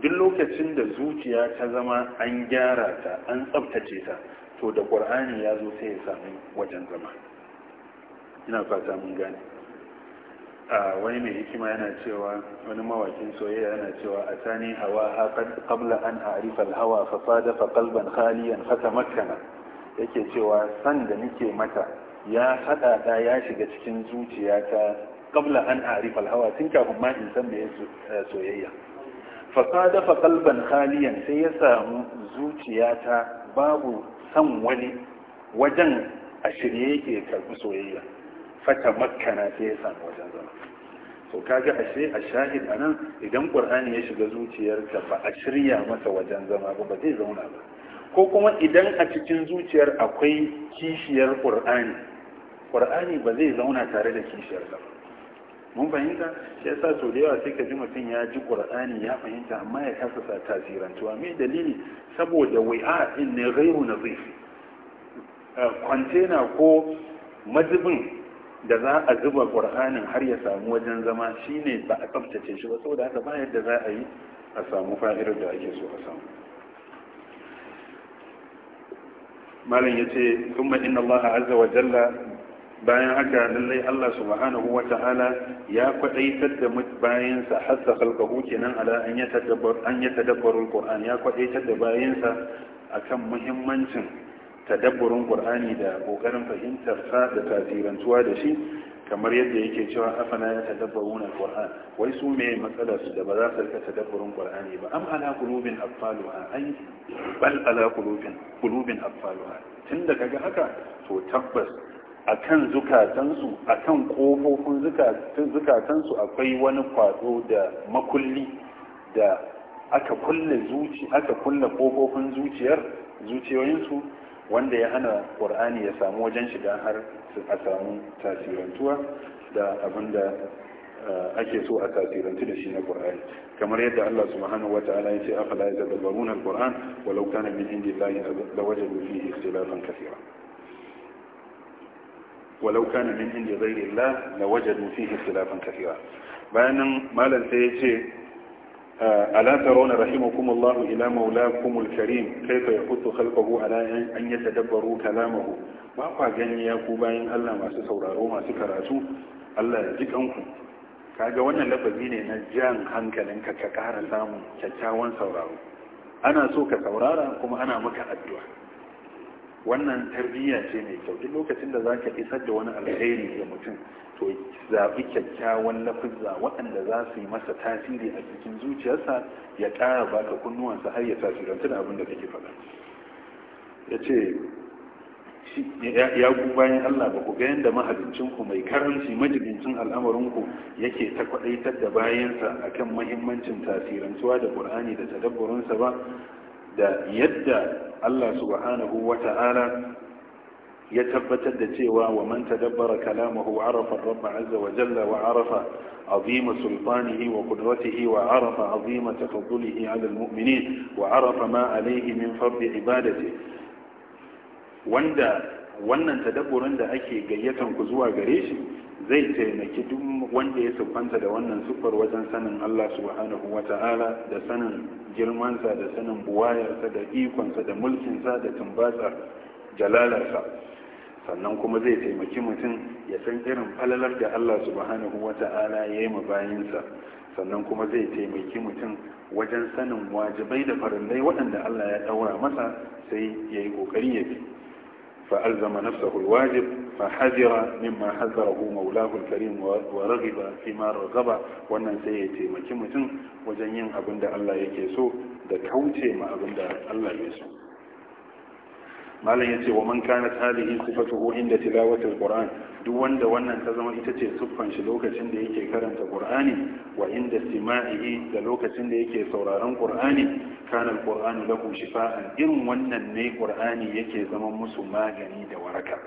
A: duk lokacin da zuciya ta zama an gyara ta an tsabtace ta to da ƙwar'ani ya zo sai ya samu wajen zama ina fata mun gane wani mai hikima yana cewa wani mawakin soyayya yana cewa a tani hawa haƙar ƙabla an a arifar hawa fasada fa kalban khaliyan fata makana yake cewa san da nake mata ya haɗa ta ya shiga cikin zuciyata kabla an arifal hawa tun kafin ma in san me eh, soyayya fasada fa kalban khaliyan sai ya samu zuciyata babu san wani wajen a shirye yake karbi soyayya fata makkana sai ya samu wajen zama to kaga ashe a shahid anan idan qur'ani ya shiga zuciyarka ba a shirya masa wajen zama ba ba zai zauna ba ko kuma idan a cikin zuciyar akwai kishiyar ƙur'ani ƙur'ani ba zai zauna tare da kishiyar ba. mun fahimta shi yasa sau da yawa sai ka ji mutum ya ji ƙur'ani ya fahimta amma ya kasa sa tasirantuwa mai dalili saboda wai'a in ne na zai kwantena ko mazubin da za a zuba ƙur'anin har ya samu wajen zama shine ba a tsaftace shi ba saboda haka ba yadda za a yi a samu fa'idar da ake so a samu malam ya ce kuma inna allaha azza wa jalla bayan haka lallai allah subhanahu wa ta'ala ya kwadaitar da bayansa hatta khalqahu kenan ala an yatadabbar an yatadabbarul qur'an ya kwadaitar da bayansa akan muhimmancin tadabburin qur'ani da kokarin fahimtar sa da tasirantuwa da shi kamar yadda yake cewa afana ya wuna alquran wai su me matsala su da ba za su rika tadabburin qur'ani ba am ala qulubin aqfaluha ai bal ala qulubin qulubin aqfaluha tunda kaga haka to tabbas akan zukatansu akan kofofin zukatansu akwai wani kwado da makulli da aka kulle zuci aka kulle kofofin zuciyar zuciyoyinsu wanda ya hana qur'ani ya samu wajen shiga har a samu tasirantuwa da abin da eh, ake so a tasirantu da shi na ƙur'ani. kamar yadda Allah subhanahu Ta'ala ya ce afala yadabbaruna al wa lauka na min indillahi lawajadu fihi ikhtilafan kathira ولو كان من عند غير الله لوجدوا فيه اختلافا bayanan malam sai ya ce ألا ترون رحمكم الله إلى مولاكم الكريم كيف يحث خلقه على أن يتدبروا كلامه ما قاجن يا كوباين الله ما سسورارو ما سكراتو الله يجيك أنكم ga wannan lafazi ne na jan hankalinka ka ƙara samun kyakkyawan sauraro ana so ka saurara kuma ana maka addu'a wannan tarbiyya ce mai kyau duk lokacin da zaka isar da wani alheri ga mutum to zaɓi kyakkyawan lafizza waɗanda za su yi masa tasiri a cikin zuciyarsa ya ƙara baka kunnuwansa har ya tasiranta da abin da kake faɗa ya ce ya ku bayan Allah ba ku ga yadda mahalicinku mai karanci majalicin al'amarinku yake ta kwaɗaitar da bayansa a kan mahimmancin tasirantuwa da ƙur'ani da tadabburinsa ba da yadda Allah subhanahu wa ta'ala ya tabbatar da cewa wa man tadabbara kalamahu arafa rabba azza wa jalla wa arafa wa qudratihi wa arafa azima tafaddulihi ala almu'minin wa arafa ma alayhi min wannan tadabburin da ake gayyatan ku zuwa gare shi zai taimaki duk wanda ya sufanta da wannan siffar wajen sanin Allah subhanahu wa ta'ala da sanin girmansa da sanin buwayarsa da ikonsa da mulkinsa da tumbatsa jalalarsa sannan kuma zai taimaki mutum ya san irin falalar da Allah subhanahu wa ta'ala ya yi ma bayansa sannan kuma zai taimaki mutum wajen sanin wajibai da farallai waɗanda Allah ya ɗaura masa sai ya yi ƙoƙari ya bi فألزم نفسه الواجب فحذر مما حذره مولاه الكريم ورغب فيما رغب wannan sai ya taimaki mutum wajen yin abin da Allah yake so da kauce ma abin Allah ya so malam ce, wa man kanat hadhihi sifatuhu inda tilawati alquran duk wanda wannan ta zama ita ce siffan shi lokacin da yake karanta qur'ani wa inda sima'ihi da lokacin da yake sauraron qur'ani kana alqur'anu lahu shifa'an irin wannan ne qur'ani yake zama musu magani da waraka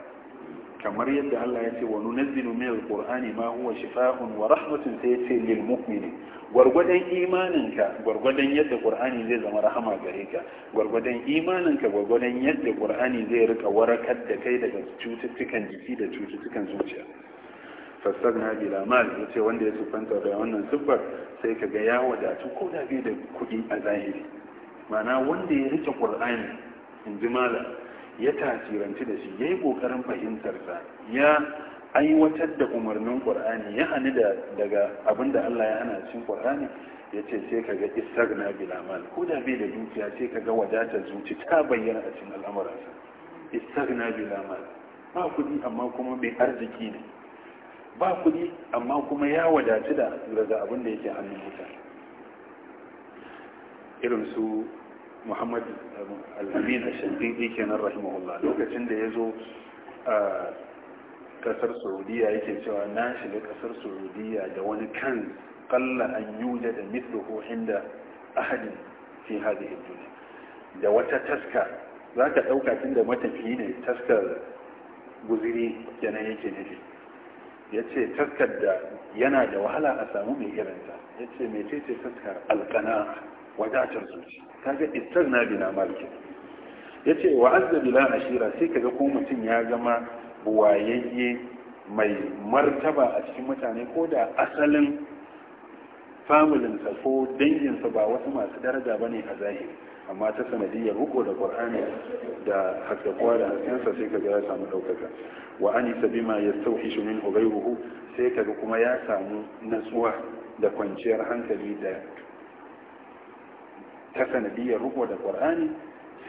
A: kamar yadda Allah ya ce wa nunazzilu min alqur'ani ma huwa shifaa'un wa rahmatun sai lil mu'minin gwargwadon imaninka gwargwadon yadda qur'ani zai zama rahama gare ka gwargwadon imaninka gwargwadon yadda qur'ani zai rika warakar da kai daga cututtukan jiki da cututtukan zuciya na bila ya ce wanda ya sufanta da wannan siffar sai ka ga ya wadatu ko da bai da kuɗi a zahiri mana wanda ya rike qur'ani in ji mala ya tasiranci da shi ya yi ƙoƙarin fahimtarsa ya aiwatar da umarnin ƙwar'ani ya hannu daga abinda Allah ya hana cin ƙwar'ani ya ce sai ka ga isar na bilamal ko da bai da dukiya sai ka ga wadatar zuci ta bayyana a cin al'amuransa isar na bilamal ba kudi amma kuma bai arziki ne ba kudi amma kuma ya wadatu da daga abin da yake hannun wuta. irin su muhammad al-amin ash-shafi'i rahimahullah lokacin da ya zo ah, kasar saudiya yake cewa na shiga kasar saudiya da wani kan kalla an yuja da mithluhu inda ahadin fi hadhihi dunya da wata taska za ka ɗauka tun da matafi ne taskar guziri yana yake nufi ya ce taskar da yana da wahala a samu mai irinta ya ce mai taskar alkana wadatar zuci ta ga istar na bina malki ya ce wa'azza bila ashira sai ka ga ko mutum ya zama buwayayye mai martaba a cikin mutane ko da asalin familinsa ko danginsa ba wasu masu daraja ba ne a zahiri amma ta sanadiyar ruko da qur'ani da haskakuwa da haskensa sai kaga ya samu ɗaukaka wa an isa bima ya sauhi min hubairuhu sai kaga kuma ya samu natsuwa da kwanciyar hankali da ta sanadiyar ruko da qur'ani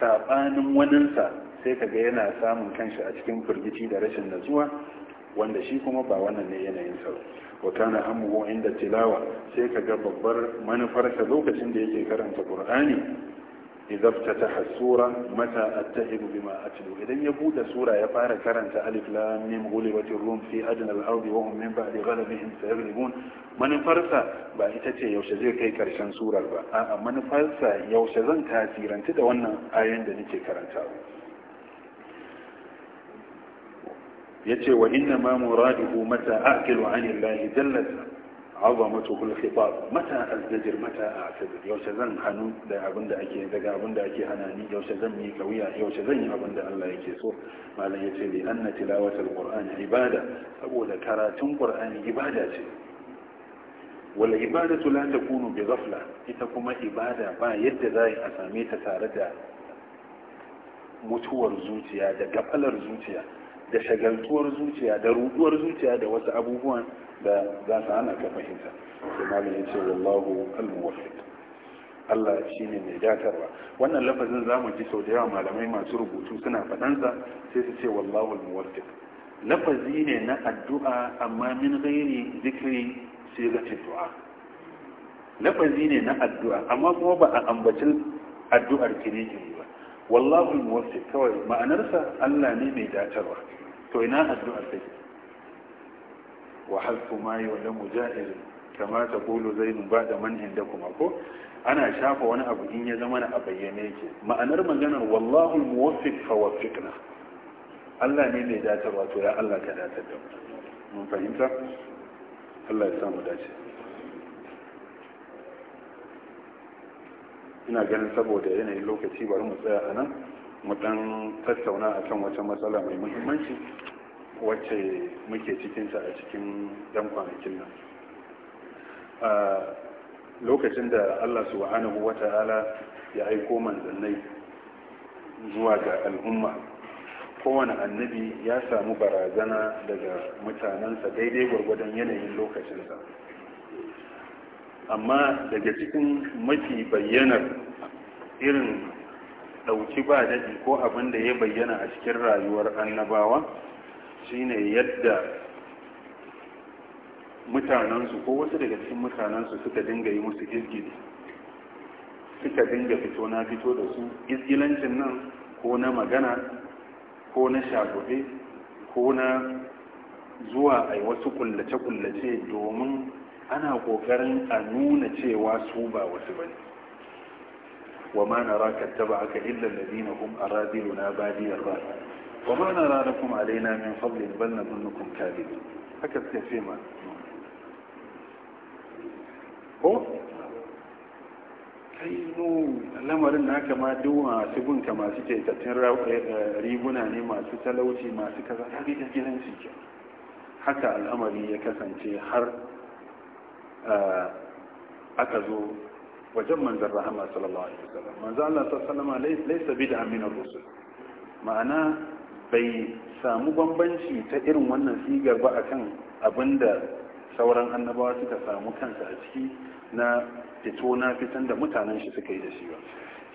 A: saɓanin waninsa sai kaga yana samun kanshi a cikin firgici da rashin natsuwa wanda shi kuma ba wannan ne yanayin sa wa kana hammuhu inda tilawa sai kaga babbar manufarsa lokacin da yake karanta ƙur'ani, idza ftataha hasura mata attahibu bima atlu idan ya bude sura ya fara karanta alif lam mim ghulibatir rum fi adna al-ardi wa hum min ba'di ghalabihim sayaghlibun manufarsa ba ita ce yaushe zai kai karshen surar ba a'a manufarsa yaushe zan tasiranta da wannan ayoyin da nake karantawa yace wa inna ma muraduhu mata aqilu an Allah jallat azamatuhu al-khitab mata azjir mata a'tadir yaushe zan hanu da abinda ake daga abinda ake hanani yaushe zan yi kawiya yaushe zan yi abinda Allah yake so malam yace li anna tilawata al-qur'ani ibada saboda karatun qur'ani ibada ce wal ibadatu la takunu bi ghafla ita kuma ibada ba yadda za a same ta tare da mutuwar zuciya da gafalar zuciya da shagaltuwar zuciya da ruduwar zuciya da wasu abubuwan da za su hana ka fahimta sai malam yace wallahu al-muwaffiq Allah shine mai datarwa wannan lafazin zamu ji sau da yawa malamai masu rubutu suna faɗansa sai su ce wallahu al-muwaffiq lafazi ne na addu'a amma min ghairi zikri sigatin du'a lafazi ne na addu'a amma kuma ba a ambacin addu'ar ba wallahu muwaffi kawai ma'anarsa Allah ne mai datarwa to ina addu'a sai wa halfu ma yulamu ja'ir kama ta qulu zainun ba'da man indakuma ko ana shafa wani abu in ya zama a bayyane ke. ma'anar maganar wallahu muwaffiq fa waffiqna Allah ne mai datarwa to ya Allah ka datar da mu mun fahimta Allah ya samu dace ina ganin saboda yanayin lokaci bari mu tsaya a nan mu dan tattauna a kan wata matsala mai muhimmanci wacce muke cikinta a cikin yan kwanakin nan a lokacin da allah subhanahu wa ta'ala ya aiko manzannai zuwa ga al'umma kowane annabi ya samu barazana daga mutanensa daidai gwargwadon yanayin lokacinsa amma daga cikin mafi bayyanar irin ɗauki ba daɗi ko abin da ya bayyana a cikin rayuwar annabawa shine yadda mutanensu ko wasu daga cikin mutanensu suka dinga yi musu izgili suka dinga fito na fito da su izgilancin nan ko na magana ko na shagobe ko na zuwa a wasu kullace-kullace domin ana kokarin a nuna cewa su ba wasu ba ne wa ma na raka taba aka illa lalina kum a na badiyar ba wa ma na rana kuma alaina min fablin bal na zunnukum kadibin haka suka ce ma ko kai no lamarin na kama duk masu bin ka masu ketattun eh, eh, riguna ne masu talauci masu kaza ta gidan gidan haka al'amari ya kasance har aka zo wajen manzan rahama sallallahu alaihi wasallam manzan Allah sallallahu alaihi wasallam laysa bid'a min ar-rusul ma'ana bai samu bambanci ta irin wannan sigar ba akan abinda sauran annabawa suka samu kansa a ciki na fito na fitan da mutanen shi suka yi da shi ba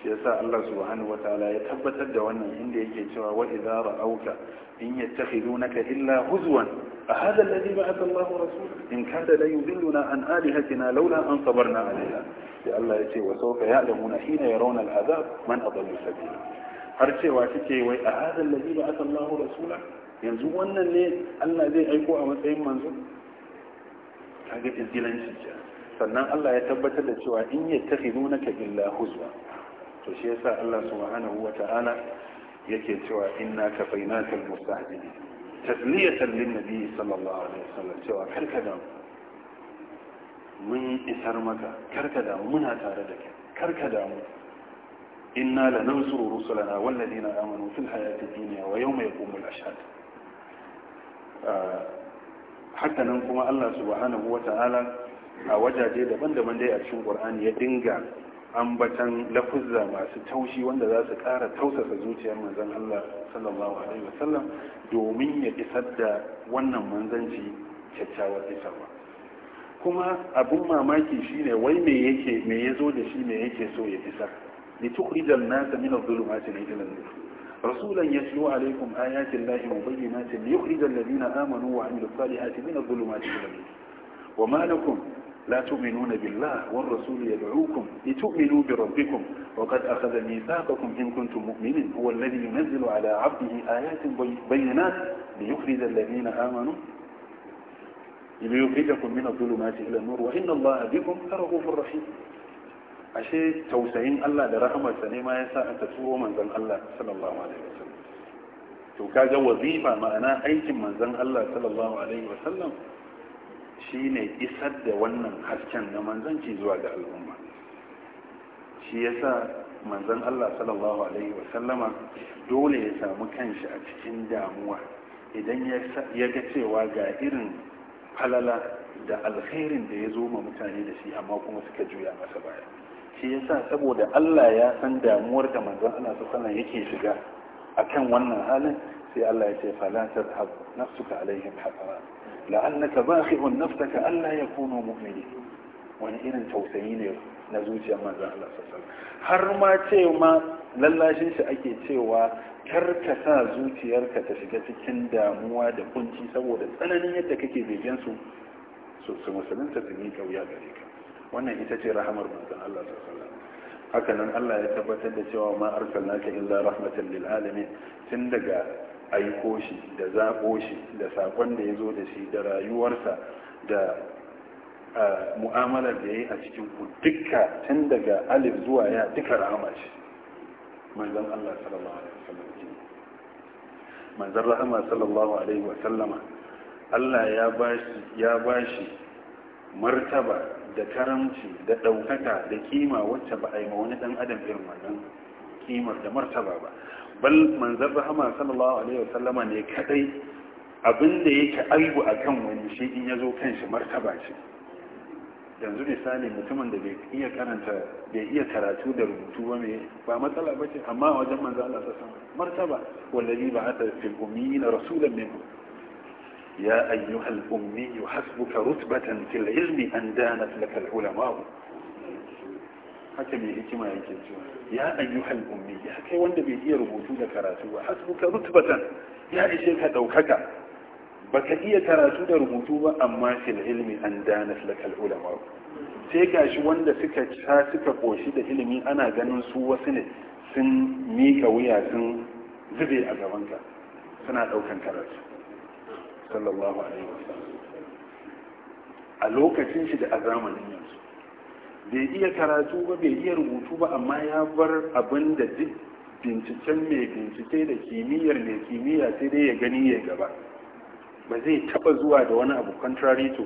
A: shi yasa Allah subhanahu wataala ya tabbatar da wannan inda yake cewa wa idza ra'auka in yattakhidunaka illa huzwan أهذا الذي بعث الله رسوله إن كان لا يذلنا عن آلهتنا لولا أن صبرنا عليها لألا يتي وسوف يعلمون حين يرون العذاب من أضل سبيلا har cewa kike wai a hadal ladhi ba'atha Allahu rasula yanzu wannan ne Allah zai aiko a matsayin manzo kaga izgilanci ce sannan Allah ya tabbatar da cewa in yattakhidunaka illa huzwa to shi yasa Allah subhanahu wata'ala yake cewa inna kafaynaka al-mustahzinin tasliyatan tallin nabi sallallahu alaihi karka damu mun isar maka karka da muna tare da kai karka da mu inna lanansuru rusulana walladina amanu fil hayati dunya wa yawma yaqumul ashhad ah, haka nan kuma Allah subhanahu wata'ala a wajaje daban-daban dai a cikin ƙur'ani ya dinga ambatan lafuzza masu taushi wanda za su ƙara tausasa zuciyar manzan Allah sallallahu alaihi wasallam domin ya isar da wannan manzanci kyakkyawar isarwa kuma abin mamaki shine wai me yake me yazo da shi me yake so ya isar لتخرج الناس من الظلمات إلى النور رسولا يتلو عليكم آيات الله مبينات ليخرج الذين آمنوا وعملوا الصالحات من الظلمات إلى النور وما لكم لا تؤمنون بالله والرسول يدعوكم لتؤمنوا بربكم وقد أخذ ميثاقكم إن كنتم مؤمنين هو الذي ينزل على عبده آيات بينات ليخرج الذين آمنوا ليخرجكم من الظلمات إلى النور وإن الله بكم لرؤوف رحيم ashe tausayin Allah da rahamarsa ne ma yasa aka turo manzon Allah sallallahu alaihi wasallam to kaga wazifa ma'ana aikin manzon Allah sallallahu alaihi wasallam shine isar da wannan hasken na manzanci zuwa ga al'umma shi yasa manzan Allah sallallahu alaihi wasallama dole ya samu kanshi a cikin damuwa idan ya ga cewa ga irin falala da alkhairin da ya zo ma mutane da shi amma kuma suka juya masa baya shi yasa saboda Allah ya san damuwar da manzan Allah sallallahu yake shiga a kan wannan halin sai Allah ya ce fala tadhhab nafsuka alaihim hasara la'annaka bakhihun nafsaka alla yakunu mu'minin wani irin tausayi ne na zuciyar manzo Allah sallallahu har ma cewa lallashin shi ake cewa kar ka sa zuciyarka ta shiga cikin damuwa da kunci saboda tsananin yadda kake begen su su su musulunta su miƙa wuya gare ka wannan ita ce rahamar manzo Allah sallallahu haka nan Allah ya tabbatar da cewa ma arsalnaka illa rahmatan lil alamin tun daga aiko shi da zaɓo shi da saƙon da ya zo da shi da rayuwarsa da mu'amalar da ya yi a cikin ku duka tun daga alif zuwa ya duka rahama shi manzan Allah sallallahu alaihi wasallam manzan rahama sallallahu alaihi wasallama Allah ya bashi shi martaba da karamci da ɗaukaka da kima wacce ba a yi ma wani ɗan adam irin wannan kimar da martaba ba bal manzar rahama sallallahu alaihi wasallama ne kadai abinda yake aibu akan wani shi in ya zo kan shi martaba ce yanzu misali mutumin da bai iya karanta bai iya karatu da rubutu ba mai ba matsala ba ce amma wajen manzo Allah sa sama martaba wallazi ba ata fil ummiyina rasulan min ya ayyuhal ummi hasbuka rutbatan fil ilmi an danat lakal ulama haka mai hikima yake cewa ya ayyuhal ummi ya kai wanda bai iya rubutu da karatu ba hasbuka rutbatan ya ishe ka daukaka baka iya karatu da rubutu ba amma fil ilmi an dana lakal ulama sai gashi wanda suka ta suka koshi da ilimi ana ganin su wasu ne sun mika wuya sun zube a gabanka suna daukan karatu sallallahu alaihi wasallam a lokacin shi da a zamanin bai iya karatu ba bai iya rubutu ba amma ya bar abin da duk binciken mai bincike da kimiyyar mai kimiyya sai dai ya gani ya gaba ba zai taba zuwa da wani abu contrary to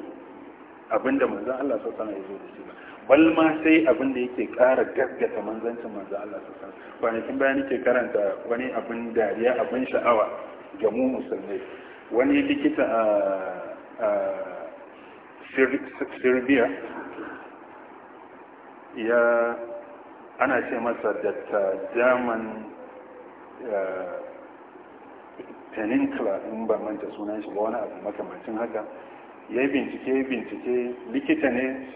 A: abin da manzan Allah sau sana ya zo da shi ba bal ma sai abin da yake kara gaggata manzancin manzan Allah sau sana kwanakin bayan yake karanta wani abin dariya abin sha'awa ga mu musulmai wani likita a Serbia ya ana ce masa datta german peninsula in ba manta sunan shi ba wani abu makamacin haka ya yi bincike bincike likita ne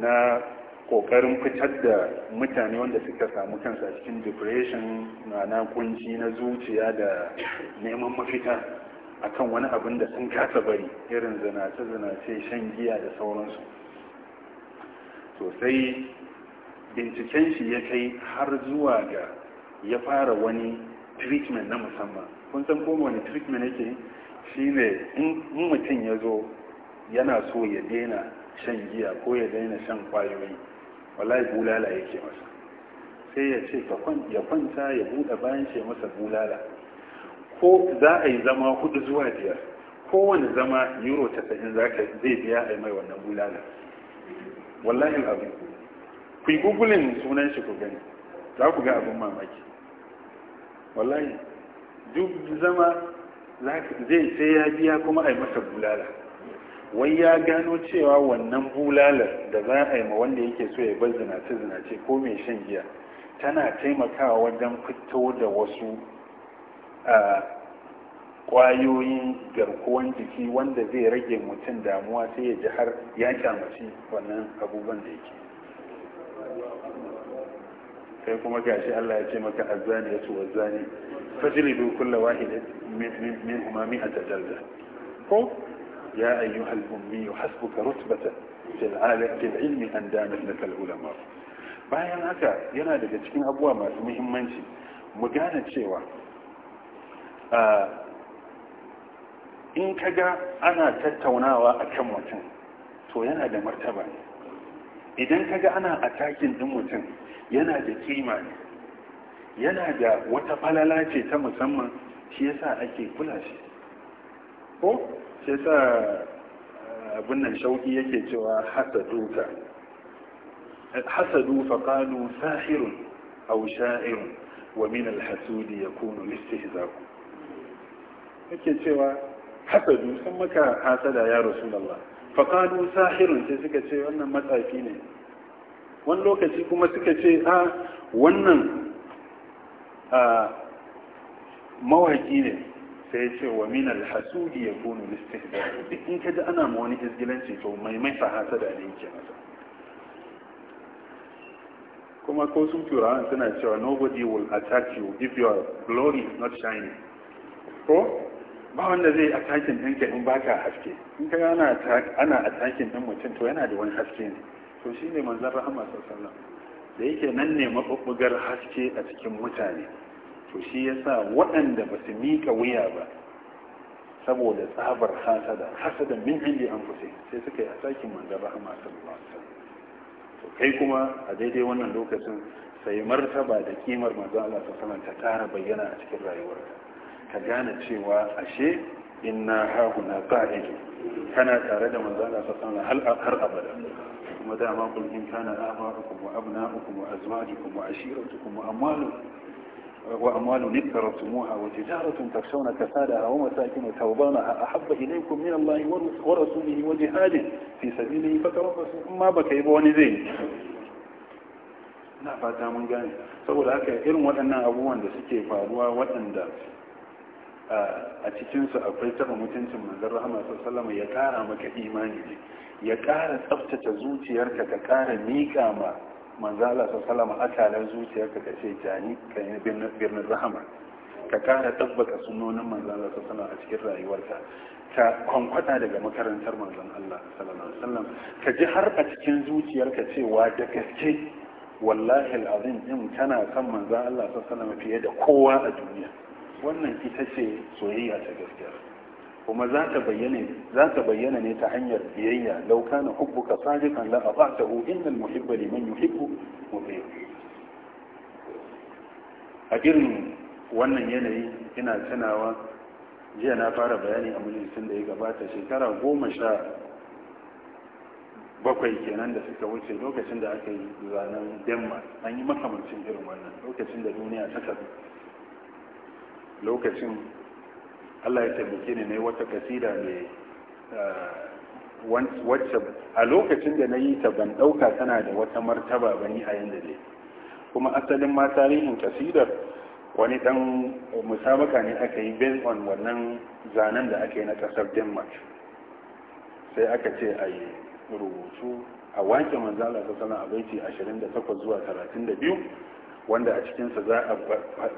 A: na kokarin fitar da mutane wanda suka samu kansa cikin depression na kunci na zuciya da neman mafita akan wani abin da sun kasa bari irin zinace-zinace shan giya da sauransu sosai binciken shi ya kai har zuwa ga ya fara wani treatment na musamman kun san ko wani treatment yake shine in mutum ya zo yana so ya daina shan giya ko ya daina shan kwayoyi wallahi bulala yake masa sai ya ce ya kwanta ya buɗe bayan shi masa bulala ko za a yi zama hudu zuwa biyar kowane zama euro 90 zai biya a mai wannan bulala wallahi abu. ku yi gugulin sunan shi ku gani za ku ga abin mamaki wallahi duk zama zai sai ya biya kuma a yi masa bulala wai ya gano cewa wannan bulalar da za a yi ma wanda yake so ya bar zinace zinace ko mai shan giya tana taimakawa wajen fito da wasu kwayoyin garkuwan jiki wanda zai rage mutum damuwa sai ya ji har ya kyamaci wannan abubuwan da yake kai kuma gashi Allah ya ce maka azzani ya tuwa zani bi kulla wahida min huma mi'ata jalda ko ya ayyuhal ummi hasbuka rutbata fil alam fil ilmi an damat al ulama bayan haka yana daga cikin abuwa masu muhimmanci mu gane cewa in kaga ana tattaunawa akan mutum to yana da martaba idan ka ga ana a takin ɗin mutum yana da kima ne yana da wata falala ce ta musamman shi ya sa ake kula shi ko shi sa eh, abin nan shauki yake cewa hasaduka hasadu faqalu sahirun a sha'irun wa min zaku yake cewa hasadu sun maka hasada ya Allah faƙalu sahirin sai suka ce wannan matsafi ne wani lokaci kuma suka ce a ah, wannan ah, mawaki ne sai ce wa min alhasudi ya kunu da duk in ka ji ana ma wani izgilanci to mai mai fahasa da ne yake masa kuma ko sun turawan suna cewa nobody will attack you if your glory is not shining ko ba wanda zai atakin ɗinka in ka haske in ka ana a atakin ɗin mutum to yana da wani haske ne to shi ne manzan rahama sallallahu da yake nan ne mabubbugar haske a cikin mutane to shi yasa waɗanda ba su miƙa wuya ba saboda tsabar hasada hasada min indi an fusi sai suka yi atakin manzon rahama sallallahu to kai kuma a daidai wannan lokacin sai martaba da kimar manzon Allah ta tara bayyana a cikin rayuwarka ka gane cewa ashe inna hahuna qa'idu kana tare da manzo Allah sallallahu alaihi wasallam har abada kuma dama kun in kana aba'ukum wa abna'ukum wa azwajukum wa ashiratukum wa amwalukum وأموال نكرتموها وتجارة تخشون كسادها ومساكن ترضونها أحب إليكم من الله ورسوله وجهاد في سبيله فتربصوا ما بك يبوني زين na fata mun gane saboda haka irin waɗannan abubuwan da suke faruwa waɗanda a cikinsu akwai taɓa mutuncin manzan rahama sallama ya ƙara maka imani ne ya ƙara tsaftace zuciyarka ka ƙara miƙa ma manzan Allah sallama talar zuciyarka ka ce jani ka yi birnin rahama ka ƙara tabbata sunonin manzan Allah sallama a cikin rayuwarka ka kwankwata daga makarantar manzan Allah sallallahu ka ji har a cikin zuciyarka cewa da gaske wallahi al'azim din kana son manzan Allah sallallahu fiye da kowa a duniya wannan ita ce soyayya ta gaskiya kuma za ta bayyana za ta bayyana ne ta hanyar biyayya law kana hubbuka sadiqan la ata'tahu al muhibba liman yuhibbu muti'u a wannan yanayi ina tunawa jiya na fara bayani a majalisun da ya gabata shekara goma sha bakwai kenan da suka wuce lokacin da aka yi zanen denmark an yi makamancin irin wannan lokacin da duniya ta tafi lokacin allah ya taimake ni na yi wata kasida mai ah, wacce a lokacin da na yi ta ban ɗauka tana da wata martaba bani yi a yanda ne kuma asalin ma tarihin kasidar wani ɗan musabaka ne aka yi based on wannan zanen da aka yi na ƙasar denmark sai aka ce a yi rubutu a wake manzala ta sana a baiti 28 zuwa 32 wanda a cikinsa za a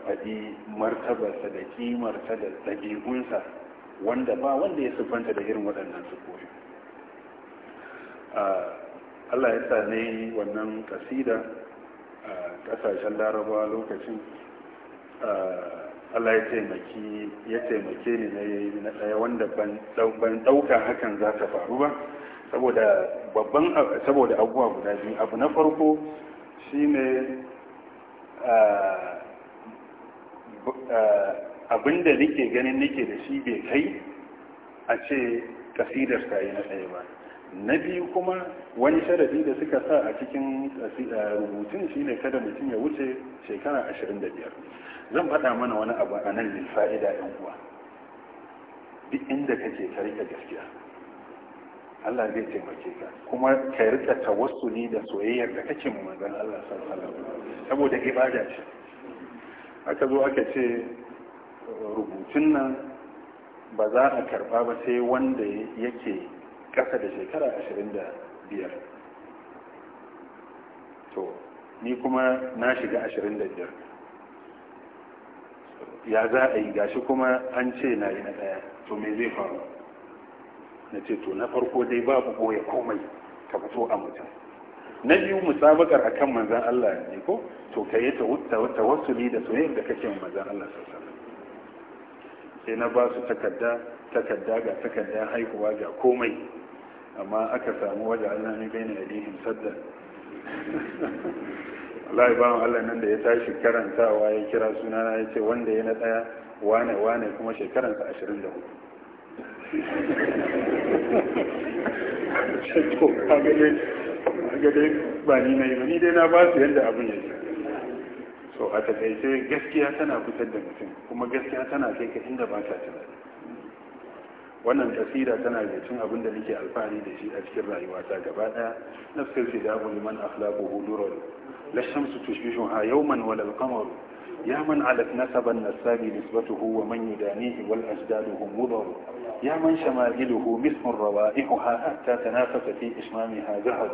A: faɗi martabarsa da kimarsa da ɗabi'unsa wanda ba wanda ya siffanta da irin waɗannan sukoyi allah ya sa ne wannan kasida a ƙasashen larabawa lokacin allah ya taimaki ya taimake ni na yayi na ɗaya wanda ban ɗauka hakan za ta faru ba saboda babban saboda abubuwa guda biyu abu na farko shine Eh, da nake ganin nake da shi bai kai a ce kasidar ta yi na ɗaya ba na biyu kuma wani sharadi da suka sa a cikin eh, rubutun shi ne kada mutum ya wuce shekara ashirin zan faɗa mana wani abu a nan fa'ida 'yan uwa duk inda kake ka gaskiya Allah zai taimake ka kuma ka rika tawassuli da soyayyar da kake mu manzon Allah sallallahu alaihi wasallam saboda ibada ce aka zo aka ce rubutun nan ba za a karba ba sai wanda yake ƙasa da shekara ashirin da biyar to ni kuma na shiga ashirin da biyar ya za a yi gashi kuma an ce na yi na ɗaya to me zai faru na ce to na farko dai babu goya komai ka fito a mutum na biyu musabakar kan manzan Allah ne ko to ka yi tawassuli da soyayyar da kake manzan Allah sai na ba su takarda takarda ga takarda haihuwa ga komai amma aka samu waje Allah ne bai na yadihim sadda Allah ba Allah nan da ya tashi karantawa ya kira sunana ya ce wanda ya na ɗaya wane wane kuma shekaransa ashirin da hudu to kaga dai ba ni na yi ni dai na ba su yadda abin yake so a takaice gaskiya tana fitar da mutum kuma gaskiya tana kai ka inda ba ta tunani wannan kasida tana da cin abin da nake alfahari da shi a cikin rayuwata gaba daya nafsir fi da abu liman akhlaquhu durr la shamsu tushbihuha yawman wal qamaru يا من علت نسب النساب نسبته ومن يدانيه والأجداد هم مضر يا من شمائله مثل روائحها حتى تنافس في إشمامها ذهب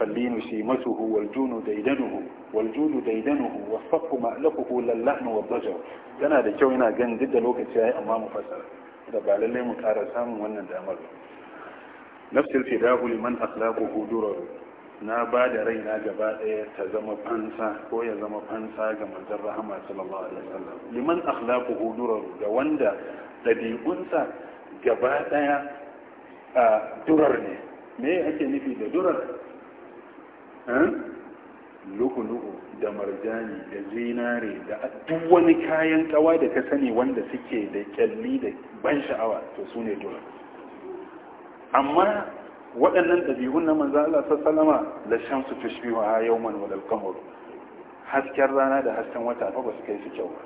A: فاللين شيمته والجون ديدنه والجود ديدنه والصف مألقه اللحن والضجر انا da kyau yana ganin duk امام lokaci yayi amma mu fasara da ba lallai mu ƙara samun na ba da raina gaba ɗaya ta zama fansa ko ya zama fansa ga manzon rahama sallallahu alaihi wasallam liman akhlaqu hudura ga wanda ɗabi'unsa gaba ɗaya a durar ne me ake nufi da durar lu'ulu'u da marjani da zinare da duk wani kayan kawa da ka sani wanda suke da kyalli da ban sha'awa to sune ne durar amma waɗannan ɗabi'un na manzan Allah sallama da shamsu tushbi wa yawman wal qamar hasken rana da hasken wata fa ba su kai su kyau ba?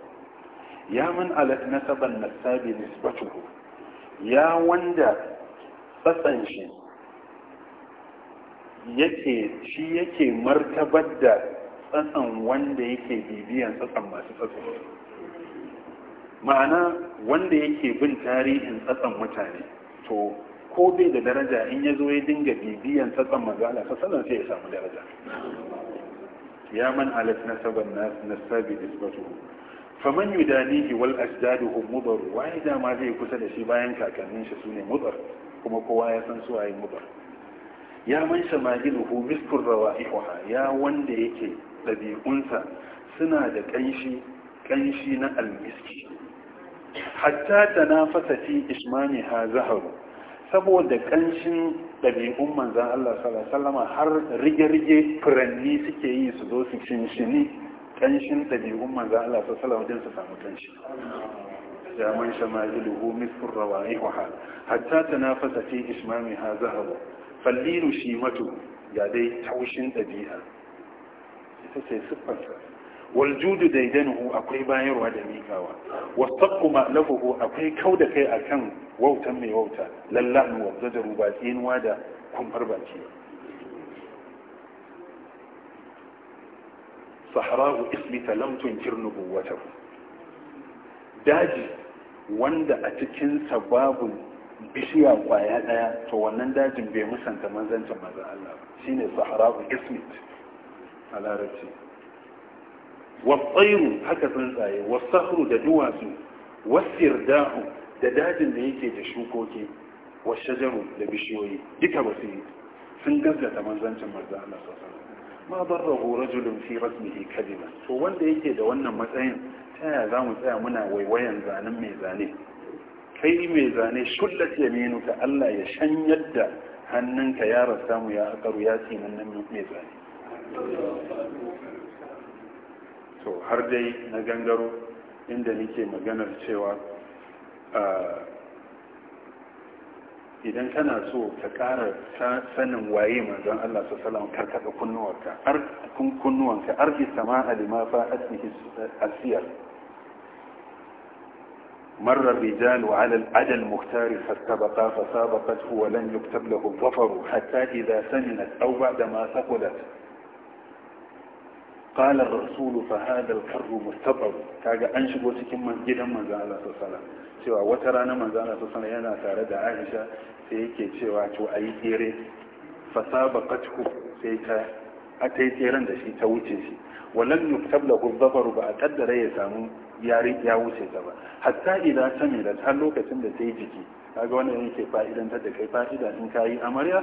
A: ya man alat nasaban nasabi nisbatuhu ya wanda tsatsan shi yake shi yake martabar da tsatsan wanda yake bibiyan tsatsan masu tsatsan ma'ana wanda yake bin tarihin tsatsan mutane to ko bai da daraja in ya zo ya dinga bibiyan sassan manzala sassan sai ya samu daraja ya man alat nasaban nas nasabi isbatuhu faman yudanihi wal ajdaduhum mudar wai da ma zai kusa da shi bayan kakannin shi sune mudar kuma kowa ya san su ayi mudar ya man shamahiluhu miskur rawaihuha ya wanda yake dabi'unsa suna da kanshi kanshi na almiski hatta tanafasa fi ismaniha zaharu saboda ƙanshin ɗabi'un manzan Allah sallama har rige-rige furanni suke yi su zo su shinshini ƙanshin ɗabi'un manzan Allah sallama wajen su samu ƙanshi ya man shama'iluhu misfur rawaihuha hatta fasa fi ismamiha zahaba fallilu mato ga dai taushin ɗabi'a ita ce siffarsa waljudu daidanuhu akwai bayarwa da mikawa wasaqqu ma'lafuhu akwai da kai akan wautan mai wauta lallahu wa zajaru ba tsinuwa da kumfar baki sahra'u islita lam kirnubu nubuwatahu daji wanda a cikin babu bishiya kwaya daya to wannan dajin bai musanta manzancin maza Allah shine sahra'u Ismit a larabci wasairu haka tsuntsaye wasahru da duwatsu wasir dahu da dajin da yake da shukoki washajaru da bishiyoyi duka ba su yi sun gaskata manzancin manzo Allah sallallahu ma barrahu rajulun fi rasmihi kalima to wanda yake da wannan matsayin ta yaya za mu tsaya muna waiwayan zanen mai zane kai mai zane shullat ka Allah ya shan yadda hannunka ya rasa mu ya akaru ya ce nan mai zane to har dai na gangaro inda nake maganar cewa idan kana so ka ƙara sanin waye manzon Allah su salam karkata kunnuwarka kunnuwanka arki sama alima fa asbihi asiyar مر الرجال على الأدى المختار فاستبقا فسابقته ولن يكتب له الظفر حتى إذا سمنت أو بعدما ثقلت قال الرسول فهذا الكر مستقر كاجا an shigo cikin gidan manzo Allah sallallahu cewa wata rana manzo Allah sallallahu yana tare da Aisha sai yake cewa to ayi tsere fasabaqatku sai ta atai tseren da shi ta wuce shi walan yuktab lahu dhafaru ba kaddara ya samu yari ya wuce ta ba hatta idan samirat har lokacin da ta jiki kaga wannan yake fa'idan ta da kai fa'ida in kayi amarya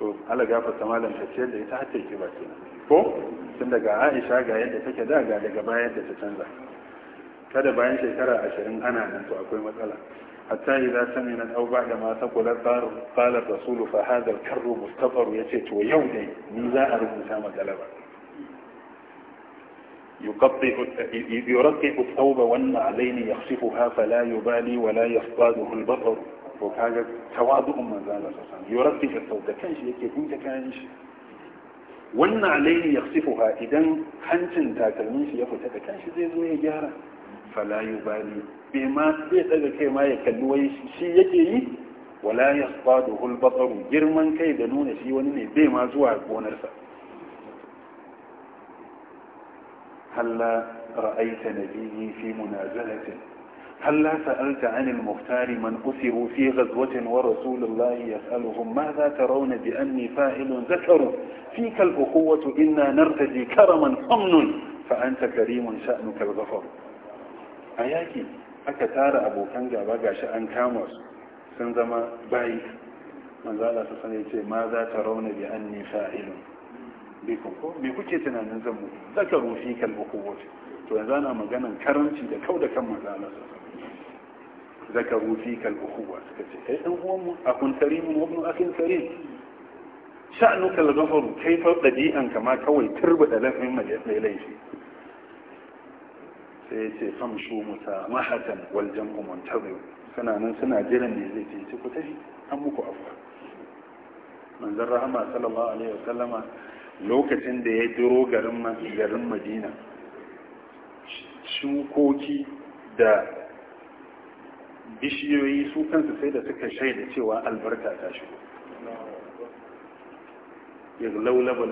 A: to Allah gafarta malam ta ce da ita har ta ba ko tun daga aisha ga yadda take da ga daga bayan da ta canza kada bayan shekara ashirin ana nan to akwai matsala hatta idza samina aw ba'da ma taqula qar qala rasul fa hadha al-karr mustafar yace to yau dai ni za a rubuta matsala ba يرقق الثوب والنعلين يخصفها فلا يبالي ولا يصطاده البطر وكاجة تواضع من ذلك يرقق الثوب ده كان شيء يكون كان شيء wannan alayhi yaksifuha sifuha idan hancin takalmin shi ya fita da kanshi zai zo ya gyara fala yubali bai ma zai daga kai ma ya kalli wai shi yake yi wala yasbaduhu al-basaru girman kai da nuna shi wani ne bai ma zuwa gonar sa halla ra'aita nabiyyi fi munazalatin هل سألت عن المختار من أسروا في غزوة ورسول الله يسألهم ماذا ترون بأني فائل ذكر فيك الأخوة إنا نرتدي كرما أمن فأنت كريم شأنك الغفر أياكي أكتار أبو كنجا بقى شأن كاموس سنزما باي من ذا لا ماذا ترون بأني فائل بكم بكتي تنان ذكروا فيك الأخوة to yanzu ana maganan karanci da kau da kan manzo Allah zakaru fi kal ukhuwa suka ce kai dan uwan mu akun karimun wa ibn akhin karim sha'nu kal ghafaru kai fa dabi'an kama kawai turbada mai laifi sai ya ce famshu musamahatan wal jam'u muntazir suna nan suna jiran ne zai ce ku tafi an muku afwa manzon rahama sallallahu alaihi wasallama lokacin da ya duro garin garin madina shukoki da bishiyoyi su kansu sai da suka shaida cewa albarka ta shigo ya yaglaulaba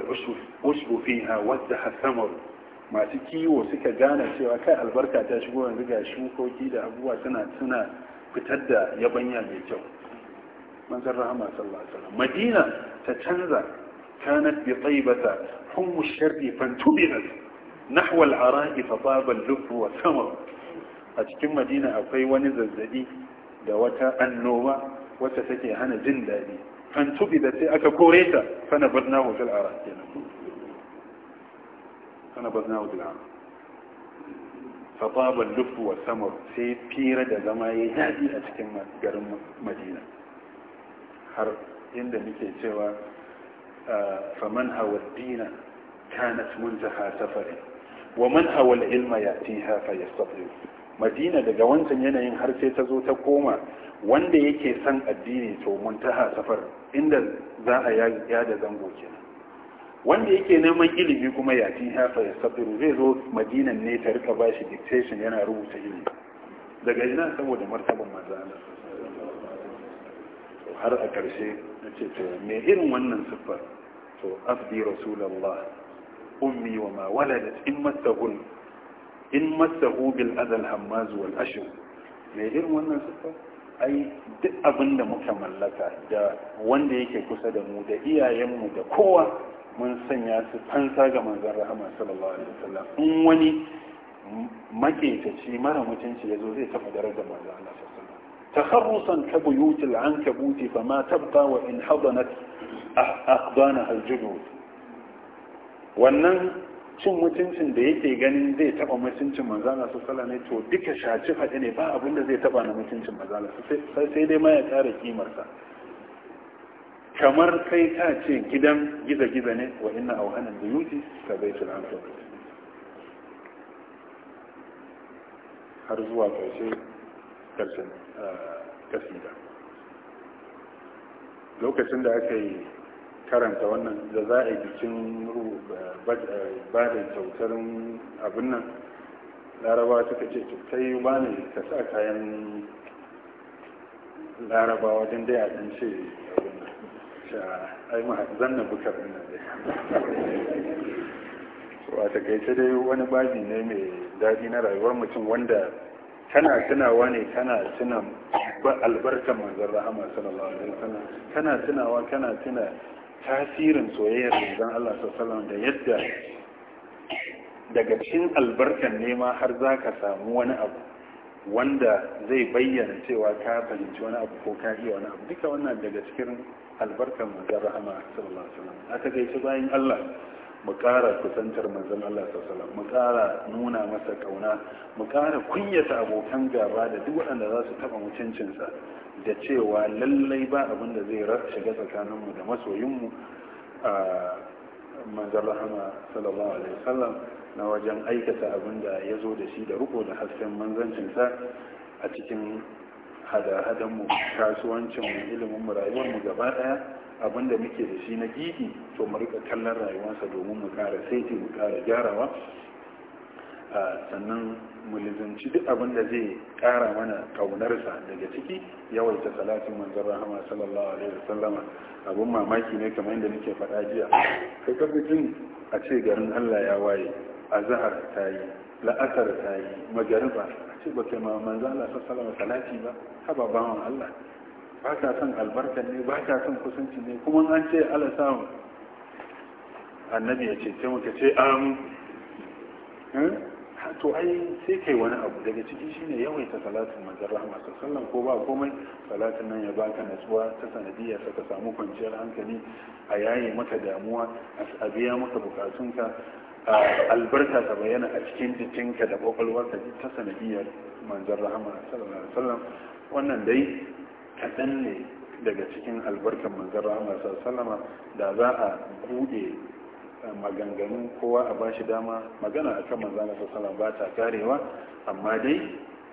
A: al'ushbu fiha wadda hasamaru masu kiwo suka gane cewa kai albarka ta shigo yanzu ga shukoki da abubuwa suna suna fitar da yabanya mai kyau manzon rahama sallallahu alaihi wasallam madina ta canza kanat bi taibata hum sharri fantubirat nahwa al-ara'i fa taba al wa samar a cikin madina akwai wani zazzabi da wata annoba wata take hana jin daɗi kan tubi da sai aka kore ta fana barna hotel a rafi fana barna hotel a fatabar lufu wa samar sai fira da zama ya daɗi a cikin garin madina har inda muke cewa fa man hawa dina kanat muntaha safarin ومن هوى العلم يأتيها فيستطيع madina daga wancan yanayin har sai ta zo ta koma wanda yake son addini to muntaha safar inda za a yada zango kenan wanda yake neman ilimi kuma yafi hafa ya sabiru zai zo madinan ne ta rika bashi dictation yana rubuta ilimi daga ina saboda martaban mazana har a ƙarshe na ce to me irin wannan siffar to asbi rasulallah ummi wa ma waladat in mattahun in masahu bil azal hammaz wal ashir mai irin wannan sifa ai duk abin da muka mallaka da wanda yake kusa da mu da iyayenmu da kowa mun sanya su fansa ga manzon rahama sallallahu alaihi wasallam in wani maketaci mara mutunci ya zo zai tafi darajar manzon Allah sallallahu تخرصا كبيوت العنكبوت فما تبقى in حضنت أحضانها الجنود wannan cin mutuncin da yake ganin zai taba mutuncin manzala su sala ne to duka shaci faɗi ne ba abin da zai taba na mutuncin manzala sai sai dai ma ya tsara kimarsa kamar kai ka ce gidan giza ne wa inna auhanan buyuti ka bai tulansu har zuwa ƙarshe karshen kasida eh, lokacin da aka yi karanta wannan da za a yi bikin ba da kyautar abin nan laraba suka ce kai ba ne ka sa kayan laraba wajen dai a ɗan ce abin nan ai ma zanna bukar nan dai ta takaice dai wani babi ne mai daɗi na rayuwar mutum wanda tana tunawa ne tana tuna albarkar manzon rahama sallallahu alaihi wasallam tana tunawa kana tuna tasirin soyayyar manzon Allah sallallahu da yadda daga cikin albarkan nema har za ka samu wani abu wanda zai bayyana cewa ka fahimci wani abu ko ka iya wani abu duka wannan daga cikin albarkan manzon rahama sallallahu alaihi wasallam aka shi bayan Allah mu ƙara kusantar manzon Allah sallallahu mu ƙara nuna masa kauna mu ƙara kunyata abokan gaba da duk waɗanda za su taɓa mutuncinsa da cewa lallai ba abin da zai shiga tsakaninmu da masoyinmu a manzan rahama sallallahu alaihi wasallam na wajen aikata abin da ya zo da shi da riko da hasken manzancinsa a cikin hada-hadanmu kasuwancinmu iliminmu rayuwarmu gaba daya abin da muke da shi na gidi to mu rika kallon rayuwarsa domin mu kara saiti mu kara gyarawa sannan mulizanci duk abin da zai kara mana kaunarsa daga ciki ta salatin manzan rahama sallallahu alaihi wasallama abun mamaki ne kamar yadda nake faɗa jiya kai ka jin a ce garin Allah ya waye azhar ta yi la'asar ta yi magariba a ce ba kai ma Allah sallallahu alaihi wasallama ba haba bawan Allah ba ta son albarkar ne ba ka son kusanci ne kuma an ce Allah samu annabi ya ce sai muka ce amin eh? to ai sai kai wani abu daga ciki shine yawaita salatin manzon rahama sallan ko ba komai salatin nan ya baka natsuwa ta ta ka samu kwanciyar hankali a yayi maka damuwa a biya maka bukatunka a albarka ta bayyana a cikin jikinka da kwakwalwarka ta sanadiyyar manzon rahama sallallahu wannan dai kaɗan ne daga cikin albarkar manzon rahama sallallahu da za a buɗe maganganun kowa a bashi dama magana akan manzo Allah sallallahu ba ta karewa amma dai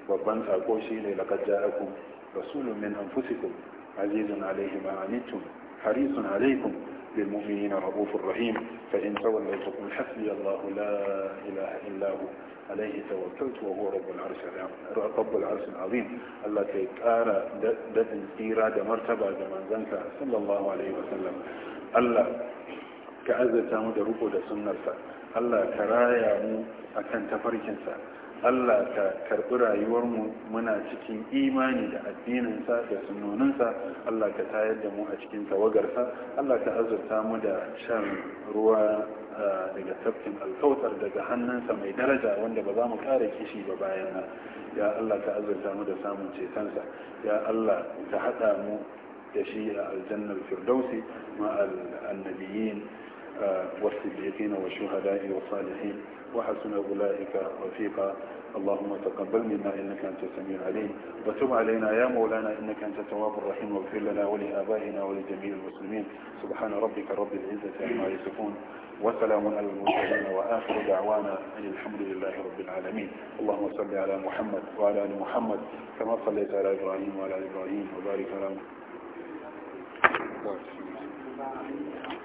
A: babban sako shine laqad ja'akum rasulun min anfusikum azizun alayhi ma anittum harisun alaykum بالمؤمنين رؤوف رحيم فإن تولوا فقل حسبي الله لا إله إلا wa عليه توكلت وهو رب العرش رب العرش العظيم الله تكارى دفن سيرة مرتبة زمان زنك صلى الله عليه وسلم Allah. ka azurta mu da riko da sunnarsa Allah ka raya mu a kan tafarkinsa Allah ka karɓi rayuwarmu muna cikin imani da addininsa da sunoninsa Allah ka tayar da mu a cikin tawagarsa Allah ka azurta mu da shan ruwa daga tafkin alkautar daga hannunsa mai daraja wanda ba za mu kare kishi ba bayan nan ya Allah ka azurta mu da samun cetonsa ya Allah ka haɗa mu da shi a aljannar firdausi ma annabiyin والصديقين والشهداء والصالحين وحسن أولئك رفيقا اللهم تقبل منا إنك أنت السميع العليم وتب علينا يا مولانا إنك أنت التواب الرحيم واغفر لنا ولآبائنا ولجميع المسلمين سبحان ربك رب العزة عما يصفون وسلام على المرسلين وآخر دعوانا أن الحمد لله رب العالمين اللهم صل على محمد وعلى آل محمد كما صليت على إبراهيم وعلى آل إبراهيم وبارك على محمد